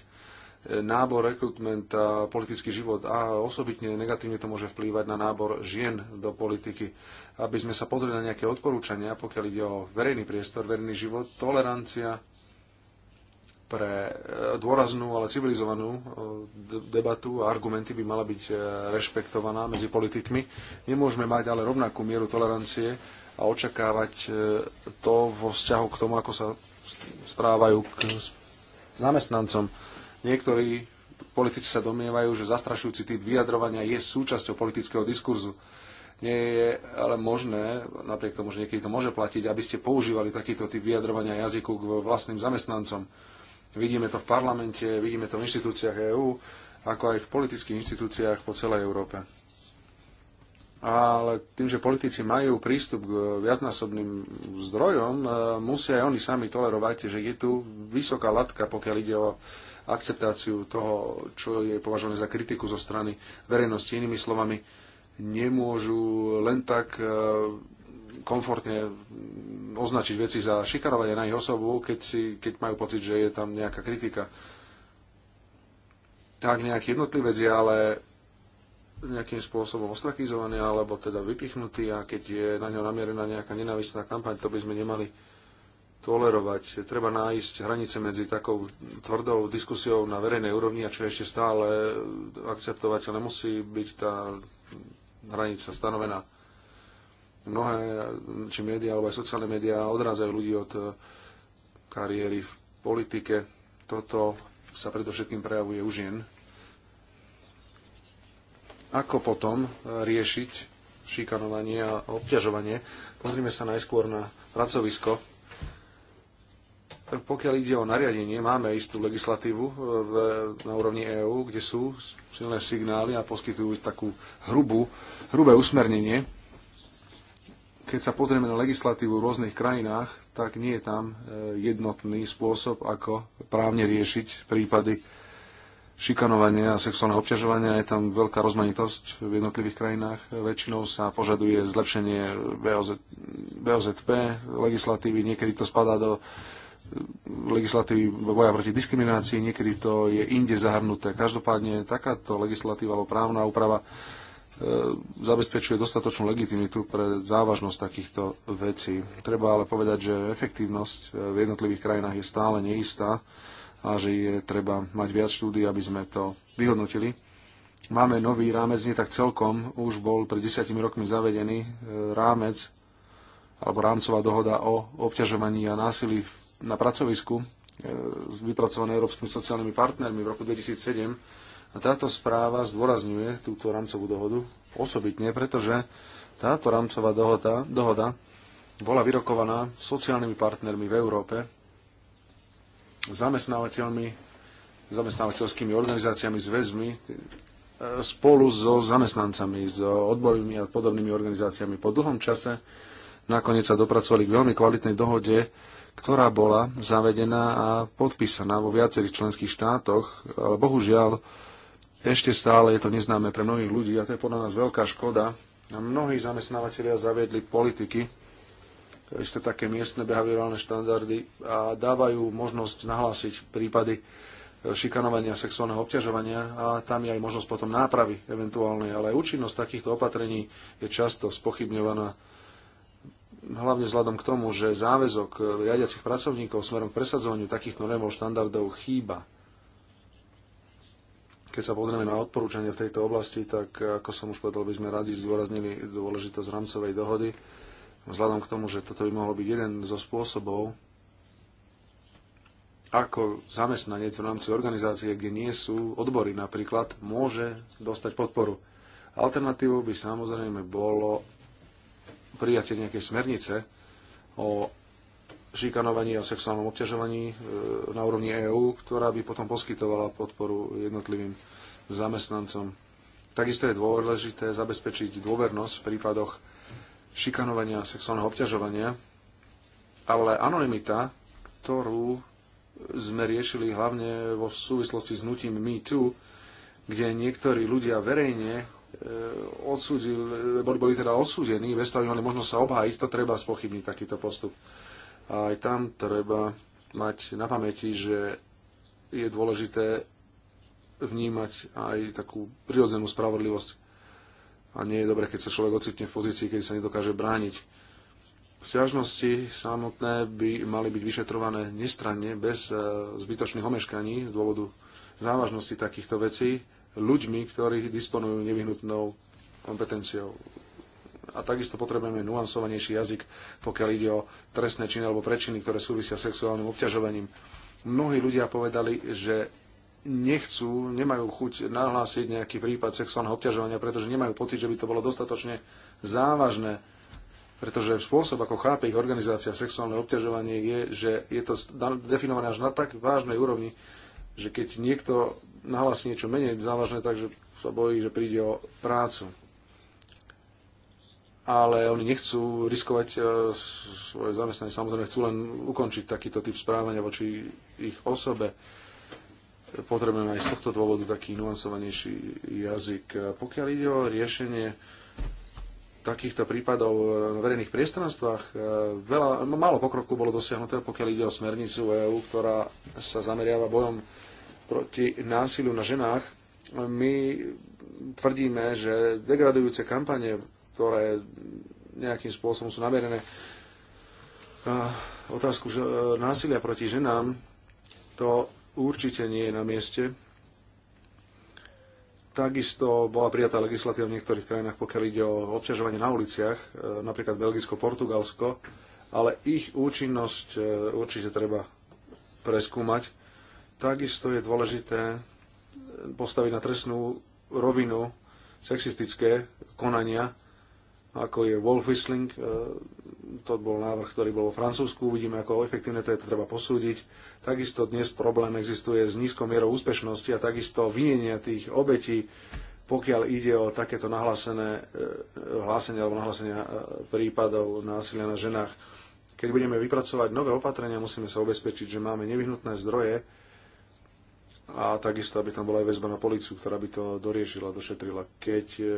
nábor, rekrutment a politický život a osobitne negatívne to môže vplývať na nábor žien do politiky. Aby sme sa pozreli na nejaké odporúčania, pokiaľ ide o verejný priestor, verejný život, tolerancia pre e, dôraznú, ale civilizovanú e, debatu a argumenty by mala byť e, rešpektovaná medzi politikmi. Nemôžeme mať ale rovnakú mieru tolerancie a očakávať to vo vzťahu k tomu, ako sa správajú k zamestnancom Niektorí politici sa domnievajú, že zastrašujúci typ vyjadrovania je súčasťou politického diskurzu. Nie je ale možné, napriek tomu, že niekedy to môže platiť, aby ste používali takýto typ vyjadrovania jazyku k vlastným zamestnancom. Vidíme to v parlamente, vidíme to v inštitúciách EÚ, ako aj v politických inštitúciách po celej Európe. Ale tým, že politici majú prístup k viacnásobným zdrojom, eh, musia aj oni sami tolerovať, že je tu vysoká latka, pokiaľ ide o akceptáciu toho, čo je považované za kritiku zo strany verejnosti. Inými slovami, nemôžu len tak e, komfortne označiť veci za šikarovanie na ich osobu, keď, si, keď majú pocit, že je tam nejaká kritika. Ak nejaký jednotlivec je ale nejakým spôsobom ostrakizovaný alebo teda vypichnutý a keď je na ňo namierená nejaká nenávistná kampaň, to by sme nemali tolerovať. Treba nájsť hranice medzi takou tvrdou diskusiou na verejnej úrovni a čo ešte stále akceptovateľné. Musí byť tá hranica stanovená. Mnohé, či médiá, alebo aj sociálne médiá odrázajú ľudí od kariéry v politike. Toto sa predovšetkým prejavuje u žien. Ako potom riešiť šikanovanie a obťažovanie? Pozrime sa najskôr na pracovisko pokiaľ ide o nariadenie, máme istú legislatívu e, v, na úrovni EÚ, kde sú silné signály a poskytujú takú hrubú, hrubé usmernenie. Keď sa pozrieme na legislatívu v rôznych krajinách, tak nie je tam e, jednotný spôsob, ako právne riešiť prípady šikanovania a sexuálneho obťažovania. Je tam veľká rozmanitosť v jednotlivých krajinách. Väčšinou sa požaduje zlepšenie BOZ, BOZP legislatívy. Niekedy to spadá do legislatívy boja proti diskriminácii, niekedy to je inde zahrnuté. Každopádne takáto legislatíva alebo právna úprava e, zabezpečuje dostatočnú legitimitu pre závažnosť takýchto vecí. Treba ale povedať, že efektívnosť e, v jednotlivých krajinách je stále neistá a že je treba mať viac štúdí, aby sme to vyhodnotili. Máme nový rámec, nie tak celkom, už bol pred desiatimi rokmi zavedený e, rámec alebo rámcová dohoda o obťažovaní a násilí v na pracovisku e, vypracované európskymi sociálnymi partnermi v roku 2007. A táto správa zdôrazňuje túto rámcovú dohodu osobitne, pretože táto rámcová dohoda, dohoda bola vyrokovaná sociálnymi partnermi v Európe, zamestnávateľmi, zamestnávateľskými organizáciami, zväzmi, e, spolu so zamestnancami, s so odborovými a podobnými organizáciami. Po dlhom čase nakoniec sa dopracovali k veľmi kvalitnej dohode, ktorá bola zavedená a podpísaná vo viacerých členských štátoch, ale bohužiaľ ešte stále je to neznáme pre mnohých ľudí a to je podľa nás veľká škoda. A mnohí zamestnávateľia zaviedli politiky, isté také miestne behaviorálne štandardy a dávajú možnosť nahlásiť prípady e, šikanovania, sexuálneho obťažovania a tam je aj možnosť potom nápravy eventuálnej, ale aj účinnosť takýchto opatrení je často spochybňovaná hlavne vzhľadom k tomu, že záväzok eh, riadiacich pracovníkov smerom k presadzovaniu takýchto normov štandardov chýba. Keď sa pozrieme na odporúčania v tejto oblasti, tak eh, ako som už povedal, by sme radi zdôraznili dôležitosť rámcovej dohody, vzhľadom k tomu, že toto by mohol byť jeden zo spôsobov, ako zamestnanec v rámci organizácie, kde nie sú odbory napríklad, môže dostať podporu. Alternatívou by samozrejme bolo prijatie nejakej smernice o šikanovaní a sexuálnom obťažovaní e, na úrovni EÚ, ktorá by potom poskytovala podporu jednotlivým zamestnancom. Takisto je dôležité zabezpečiť dôvernosť v prípadoch šikanovania a sexuálneho obťažovania, ale anonimita, ktorú sme riešili hlavne vo súvislosti s nutím MeToo, kde niektorí ľudia verejne E, odsúdil, boli, boli teda odsúdení, bez toho mali možnosť sa obhájiť, to treba spochybniť takýto postup. A aj tam treba mať na pamäti, že je dôležité vnímať aj takú prirodzenú spravodlivosť. A nie je dobre, keď sa človek ocitne v pozícii, keď sa nedokáže brániť. Sťažnosti samotné by mali byť vyšetrované nestranne, bez e, zbytočných omeškaní z dôvodu závažnosti takýchto vecí ľuďmi, ktorí disponujú nevyhnutnou kompetenciou. A takisto potrebujeme nuansovanejší jazyk, pokiaľ ide o trestné činy alebo prečiny, ktoré súvisia s sexuálnym obťažovaním. Mnohí ľudia povedali, že nechcú, nemajú chuť nahlásiť nejaký prípad sexuálneho obťažovania, pretože nemajú pocit, že by to bolo dostatočne závažné. Pretože spôsob, ako chápe ich organizácia sexuálne obťažovanie, je, že je to definované až na tak vážnej úrovni, že keď niekto nahlas niečo menej závažné, takže sa bojí, že príde o prácu. Ale oni nechcú riskovať e, svoje zamestnanie, samozrejme chcú len ukončiť takýto typ správania voči ich osobe. Potrebujeme aj z tohto dôvodu taký nuancovanejší jazyk. Pokiaľ ide o riešenie takýchto prípadov na verejných priestranstvách. E, veľa, málo pokroku bolo dosiahnuté, pokiaľ ide o smernicu EÚ, ktorá sa zameriava bojom proti násiliu na ženách, my tvrdíme, že degradujúce kampane, ktoré nejakým spôsobom sú naberené na otázku e, násilia proti ženám, to určite nie je na mieste. Takisto bola prijatá legislatíva v niektorých krajinách, pokiaľ ide o obťažovanie na uliciach, e, napríklad Belgicko, Portugalsko, ale ich účinnosť e, určite treba preskúmať. Takisto je dôležité postaviť na trestnú rovinu sexistické konania, ako je wolf whistling. E, to bol návrh, ktorý bol vo Francúzsku. Uvidíme, ako efektívne to je, to treba posúdiť. Takisto dnes problém existuje s nízkou mierou úspešnosti a takisto vinenia tých obetí, pokiaľ ide o takéto nahlásené e, hlásenia alebo nahlásenia e, prípadov násilia na ženách. Keď budeme vypracovať nové opatrenia, musíme sa ubezpečiť, že máme nevyhnutné zdroje, a takisto, aby tam bola aj väzba na políciu, ktorá by to doriešila, došetrila. Keď e, e,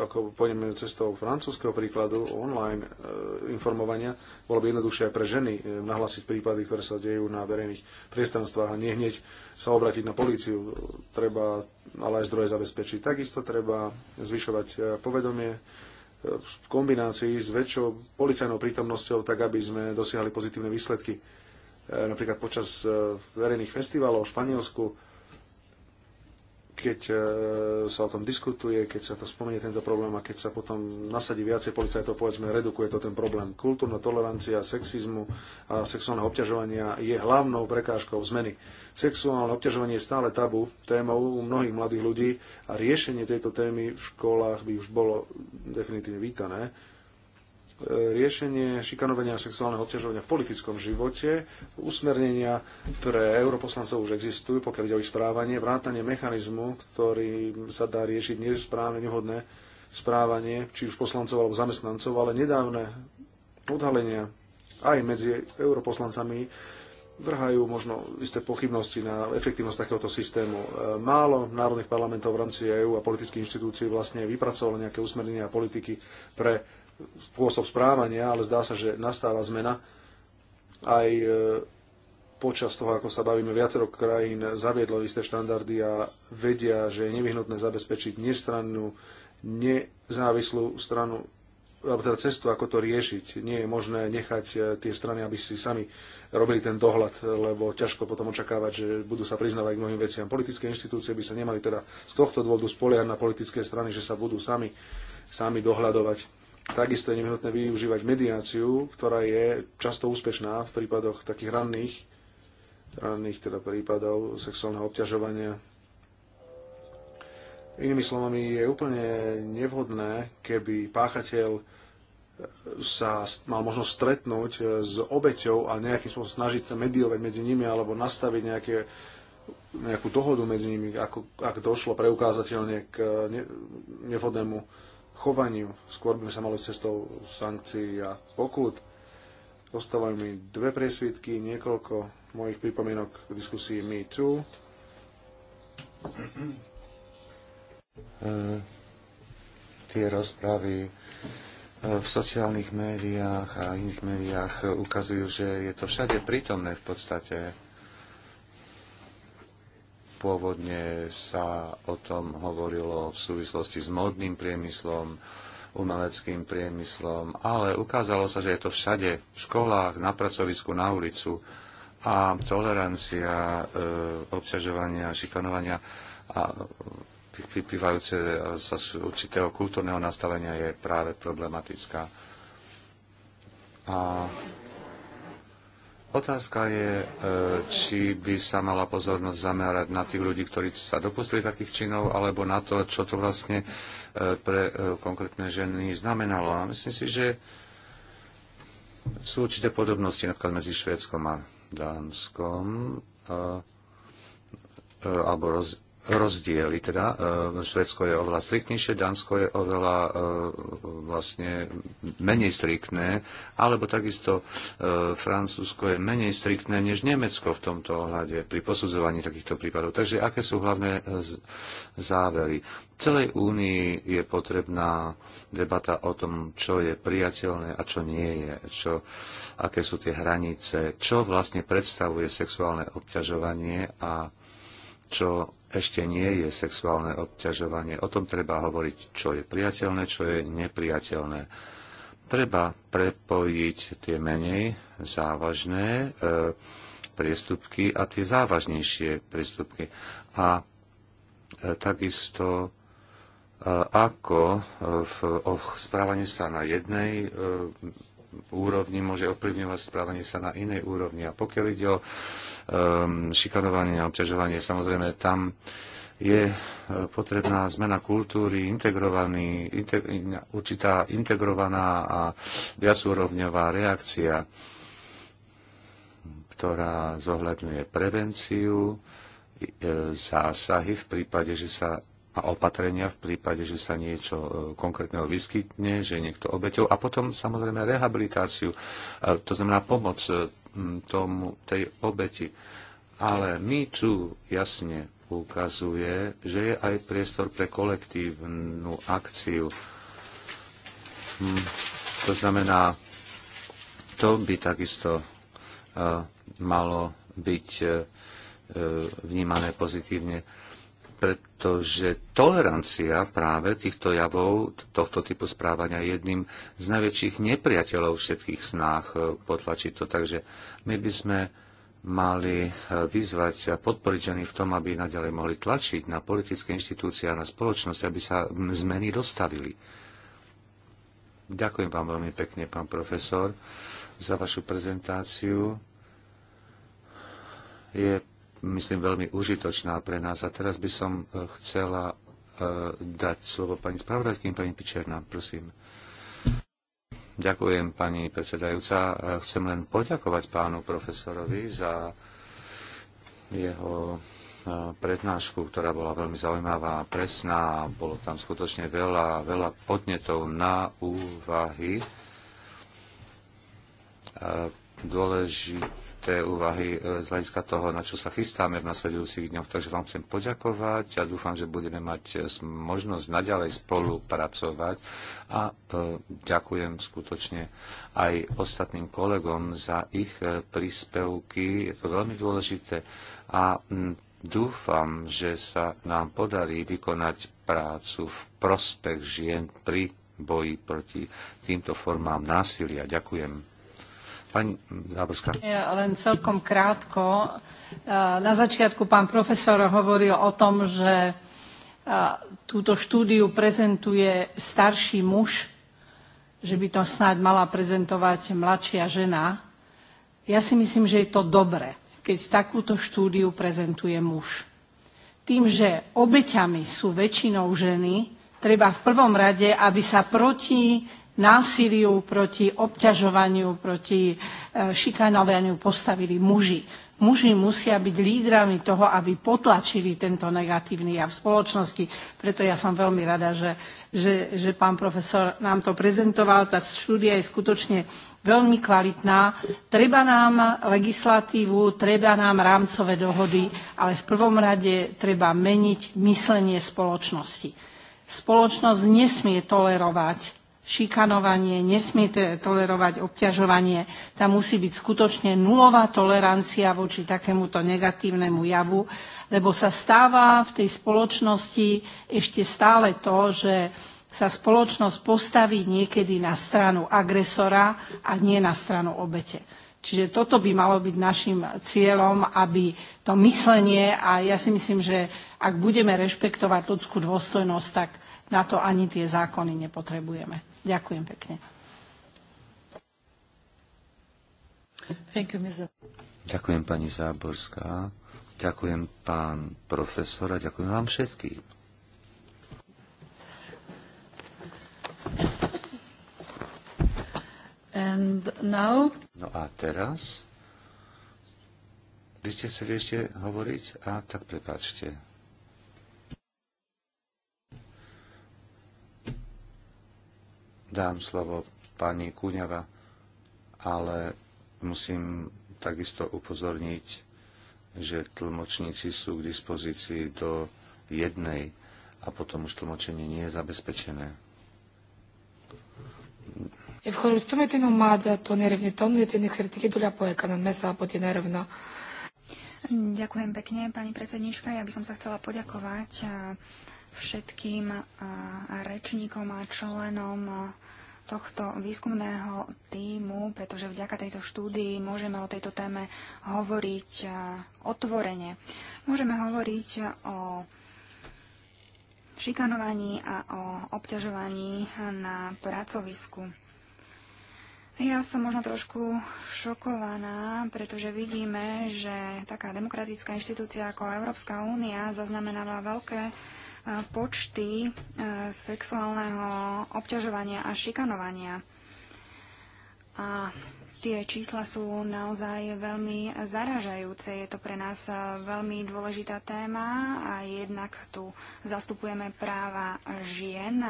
ako pôjdeme cestou francúzského príkladu online e, informovania, bolo by jednoduchšie aj pre ženy nahlasiť prípady, ktoré sa dejú na verejných priestranstvách a nehneď sa obratiť na políciu. Treba ale aj zdroje zabezpečiť. Takisto treba zvyšovať povedomie v kombinácii s väčšou policajnou prítomnosťou, tak aby sme dosiahli pozitívne výsledky E, napríklad počas e, verejných festivalov v Španielsku, keď e, sa o tom diskutuje, keď sa to spomenie tento problém a keď sa potom nasadí viacej policajtov, povedzme, redukuje to ten problém. Kultúrna tolerancia, sexizmu a sexuálneho obťažovania je hlavnou prekážkou zmeny. Sexuálne obťažovanie je stále tabu témou u mnohých mladých ľudí a riešenie tejto témy v školách by už bolo definitívne vítané riešenie šikanovania a sexuálneho obťažovania v politickom živote. Usmernenia pre europoslancov už existujú, pokiaľ ide o ich správanie, vrátanie mechanizmu, ktorý sa dá riešiť nesprávne, nehodné správanie, či už poslancov alebo zamestnancov, ale nedávne odhalenia aj medzi europoslancami vrhajú možno isté pochybnosti na efektívnosť takéhoto systému. E, málo národných parlamentov v rámci EÚ a politických inštitúcií vlastne vypracovalo nejaké usmernenia a politiky pre spôsob správania, ale zdá sa, že nastáva zmena. Aj e, počas toho, ako sa bavíme, viacero krajín zaviedlo isté štandardy a vedia, že je nevyhnutné zabezpečiť nestrannú, nezávislú stranu alebo teda cestu, ako to riešiť. Nie je možné nechať eh, tie strany, aby si sami robili ten dohľad, lebo ťažko potom očakávať, že budú sa priznávať k mnohým veciam. Politické inštitúcie by sa nemali teda z tohto dôvodu spoliehať na politické strany, že sa budú sami, sami dohľadovať. Takisto je nevyhnutné využívať mediáciu, ktorá je často úspešná v prípadoch takých ranných, ranných teda prípadov sexuálneho obťažovania Inými slovami, je úplne nevhodné, keby páchateľ sa mal možnosť stretnúť e, s obeťou a nejakým spôsobom snažiť sa mediovať medzi nimi alebo nastaviť nejaké, nejakú dohodu medzi nimi, ako, ak došlo preukázateľne k e, nevhodnému chovaniu. Skôr by sa mali cestou sankcií a pokút. Ostávajú mi dve presvitky, niekoľko mojich pripomienok k diskusii Me
E, tie rozpravy e, v sociálnych médiách a iných médiách ukazujú, že je to všade prítomné v podstate. Pôvodne sa o tom hovorilo v súvislosti s modným priemyslom, umeleckým priemyslom, ale ukázalo sa, že je to všade, v školách, na pracovisku, na ulicu a tolerancia e, obťažovania, šikanovania a vyplývajúce z určitého kultúrneho nastavenia je práve problematická. A otázka je, e, či by sa mala pozornosť zamerať na tých ľudí, ktorí sa dopustili takých činov, alebo na to, čo to vlastne e, pre e, konkrétne ženy znamenalo. A myslím si, že sú určité podobnosti napríklad medzi Švédskom a Dánskom alebo roz, rozdiely. Teda e, Švedsko je oveľa striktnejšie, Dánsko je oveľa e, vlastne menej striktné, alebo takisto e, Francúzsko je menej striktné než Nemecko v tomto ohľade pri posudzovaní takýchto prípadov. Takže aké sú hlavné závery? V celej únii je potrebná debata o tom, čo je priateľné a čo nie je, čo, aké sú tie hranice, čo vlastne predstavuje sexuálne obťažovanie a čo ešte nie je sexuálne obťažovanie. O tom treba hovoriť, čo je priateľné, čo je nepriateľné. Treba prepojiť tie menej závažné e, priestupky a tie závažnejšie priestupky. A e, takisto e, ako e, v, o správaní sa na jednej e, úrovni môže ovplyvňovať správanie sa na inej úrovni. A pokiaľ ide o um, šikanovanie a obťažovanie, samozrejme tam je uh, potrebná zmena kultúry, integrovaný, in, určitá integrovaná a viacúrovňová reakcia, ktorá zohľadňuje prevenciu, e, zásahy v prípade, že sa a opatrenia v prípade, že sa niečo e, konkrétneho vyskytne, že je niekto obeťou a potom samozrejme rehabilitáciu, e, to znamená pomoc e, tomu, tej obeti. Ale my tu jasne ukazuje, že je aj priestor pre kolektívnu akciu. Hm, to znamená, to by takisto malo byť vnímané pozitívne pretože tolerancia práve týchto javov, tohto typu správania je jedným z najväčších nepriateľov všetkých snách e, potlačiť to. Takže my by sme mali e, vyzvať a podporiť ženy v tom, aby nadalej mohli tlačiť na politické inštitúcie a na spoločnosť, aby sa zmeny dostavili. Ďakujem vám veľmi pekne, pán profesor, za vašu prezentáciu. Je myslím, veľmi užitočná pre nás. A teraz by som e, chcela e, dať slovo pani spravodajkým, pani Pičerná, prosím. Ďakujem, pani predsedajúca. E, chcem len poďakovať pánu profesorovi za jeho prednášku, ktorá bola veľmi zaujímavá a presná. Bolo tam skutočne veľa, veľa podnetov na úvahy. Dôležité určité úvahy e, z hľadiska toho, na čo sa chystáme v nasledujúcich dňoch. Takže vám chcem poďakovať a dúfam, že budeme mať e, možnosť naďalej spolupracovať a e, ďakujem skutočne aj ostatným kolegom za ich príspevky. Je to veľmi dôležité a dúfam, že sa nám podarí vykonať prácu v prospech žien pri boji proti týmto formám násilia. Ďakujem. Pani Záborská.
Ja len celkom krátko. E, na začiatku pán profesor hovoril o tom, že e, túto štúdiu prezentuje starší muž, že by to snáď mala prezentovať mladšia žena. Ja si myslím, že je to dobre, keď takúto štúdiu prezentuje muž. Tým, že obeťami sú väčšinou ženy, treba v prvom rade, aby sa proti násiliu, proti obťažovaniu, proti e, šikanovaniu postavili muži. Muži musia byť lídrami toho, aby potlačili tento negatívny jav v spoločnosti. Preto ja som veľmi rada, že, že, že pán profesor nám to prezentoval. Tá štúdia je skutočne veľmi kvalitná. Treba nám legislatívu, treba nám rámcové dohody, ale v prvom rade treba meniť myslenie spoločnosti. Spoločnosť nesmie tolerovať šikanovanie, nesmie tolerovať obťažovanie. Tam musí byť skutočne nulová tolerancia voči takémuto negatívnemu javu, lebo sa stáva v tej spoločnosti ešte stále to, že sa spoločnosť postaví niekedy na stranu agresora a nie na stranu obete. Čiže toto by malo byť našim cieľom, aby to myslenie, a ja si myslím, že ak budeme rešpektovať ľudskú dôstojnosť, tak na to ani tie zákony nepotrebujeme. Ďakujem pekne.
Ďakujem pani Záborská, ďakujem pán profesor a ďakujem vám všetkým.
And now...
No a teraz? Vy ste chceli ešte hovoriť? A tak prepáčte. dám slovo pani Kuňava, ale musím takisto upozorniť, že tlmočníci sú k dispozícii do jednej a potom už tlmočenie nie je zabezpečené.
Ευχαριστούμε την ομάδα των ερευνητών για την εξαιρετική δουλειά που έκαναν μέσα από την έρευνα.
Ďakujem pekne, pani predsednička. Ja by som sa chcela poďakovať eh, všetkým eh, rečníkom a členom eh, tohto výskumného týmu, pretože vďaka tejto štúdii môžeme o tejto téme hovoriť e, otvorene. Môžeme hovoriť o šikanovaní a o obťažovaní na pracovisku. Ja som možno trošku šokovaná, pretože vidíme, že taká demokratická inštitúcia ako Európska únia zaznamenáva veľké počty e, sexuálneho obťažovania a šikanovania. A tie čísla sú naozaj veľmi zaražajúce. Je to pre nás veľmi dôležitá téma a jednak tu zastupujeme práva žien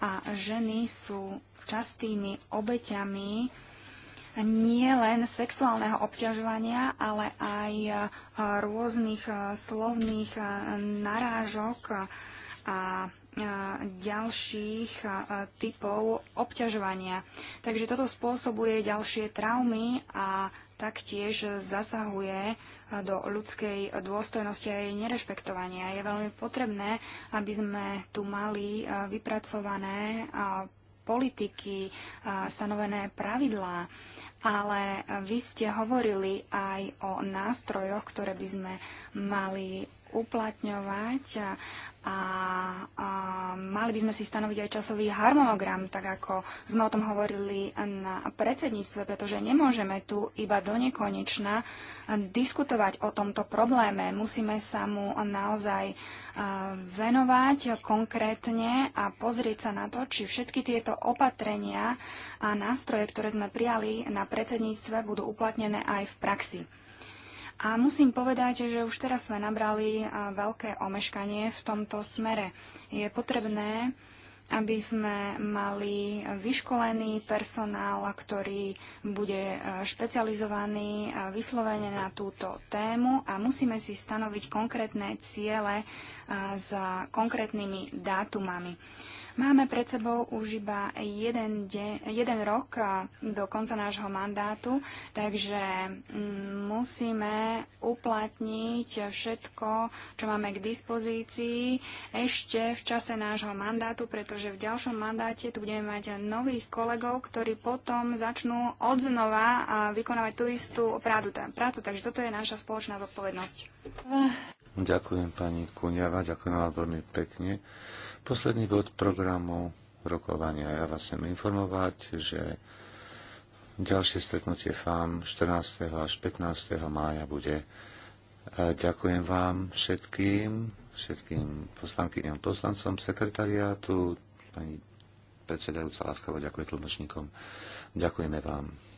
a ženy sú častými obeťami nie len sexuálneho obťažovania, ale aj e, rôznych e, slovných e, narážok a ďalších typov obťažovania. Takže toto spôsobuje ďalšie traumy a taktiež zasahuje do ľudskej dôstojnosti a jej nerešpektovania. Je veľmi potrebné, aby sme tu mali vypracované politiky, stanovené pravidlá ale vy ste hovorili aj o nástrojoch, ktoré by sme mali uplatňovať a, a, a mali by sme si stanoviť aj časový harmonogram, tak ako sme o tom hovorili na predsedníctve, pretože nemôžeme tu iba do nekonečna diskutovať o tomto probléme. Musíme sa mu naozaj venovať konkrétne a pozrieť sa na to, či všetky tieto opatrenia a nástroje, ktoré sme prijali na predsedníctve, budú uplatnené aj v praxi. A musím povedať, že už teraz sme nabrali veľké omeškanie v tomto smere. Je potrebné, aby sme mali vyškolený personál, ktorý bude e, špecializovaný e, vyslovene na túto tému a musíme si stanoviť konkrétne ciele s e, konkrétnymi dátumami. Máme pred sebou už iba jeden, de- jeden rok do konca nášho mandátu, takže mm, musíme uplatniť všetko, čo máme k dispozícii ešte v čase nášho mandátu, pretože v ďalšom mandáte tu budeme mať nových kolegov, ktorí potom začnú odznova vykonávať tú istú prácu. prácu. Takže toto je naša spoločná zodpovednosť.
Ďakujem pani Kuniava, ďakujem vám veľmi pekne. Posledný bod programu rokovania. Ja vás chcem informovať, že ďalšie stretnutie FAM 14. až 15. mája bude. Ďakujem vám všetkým, všetkým poslankyňom, poslancom sekretariátu, pani predsedajúca láskavo ďakuje tlmočníkom. Ďakujeme vám.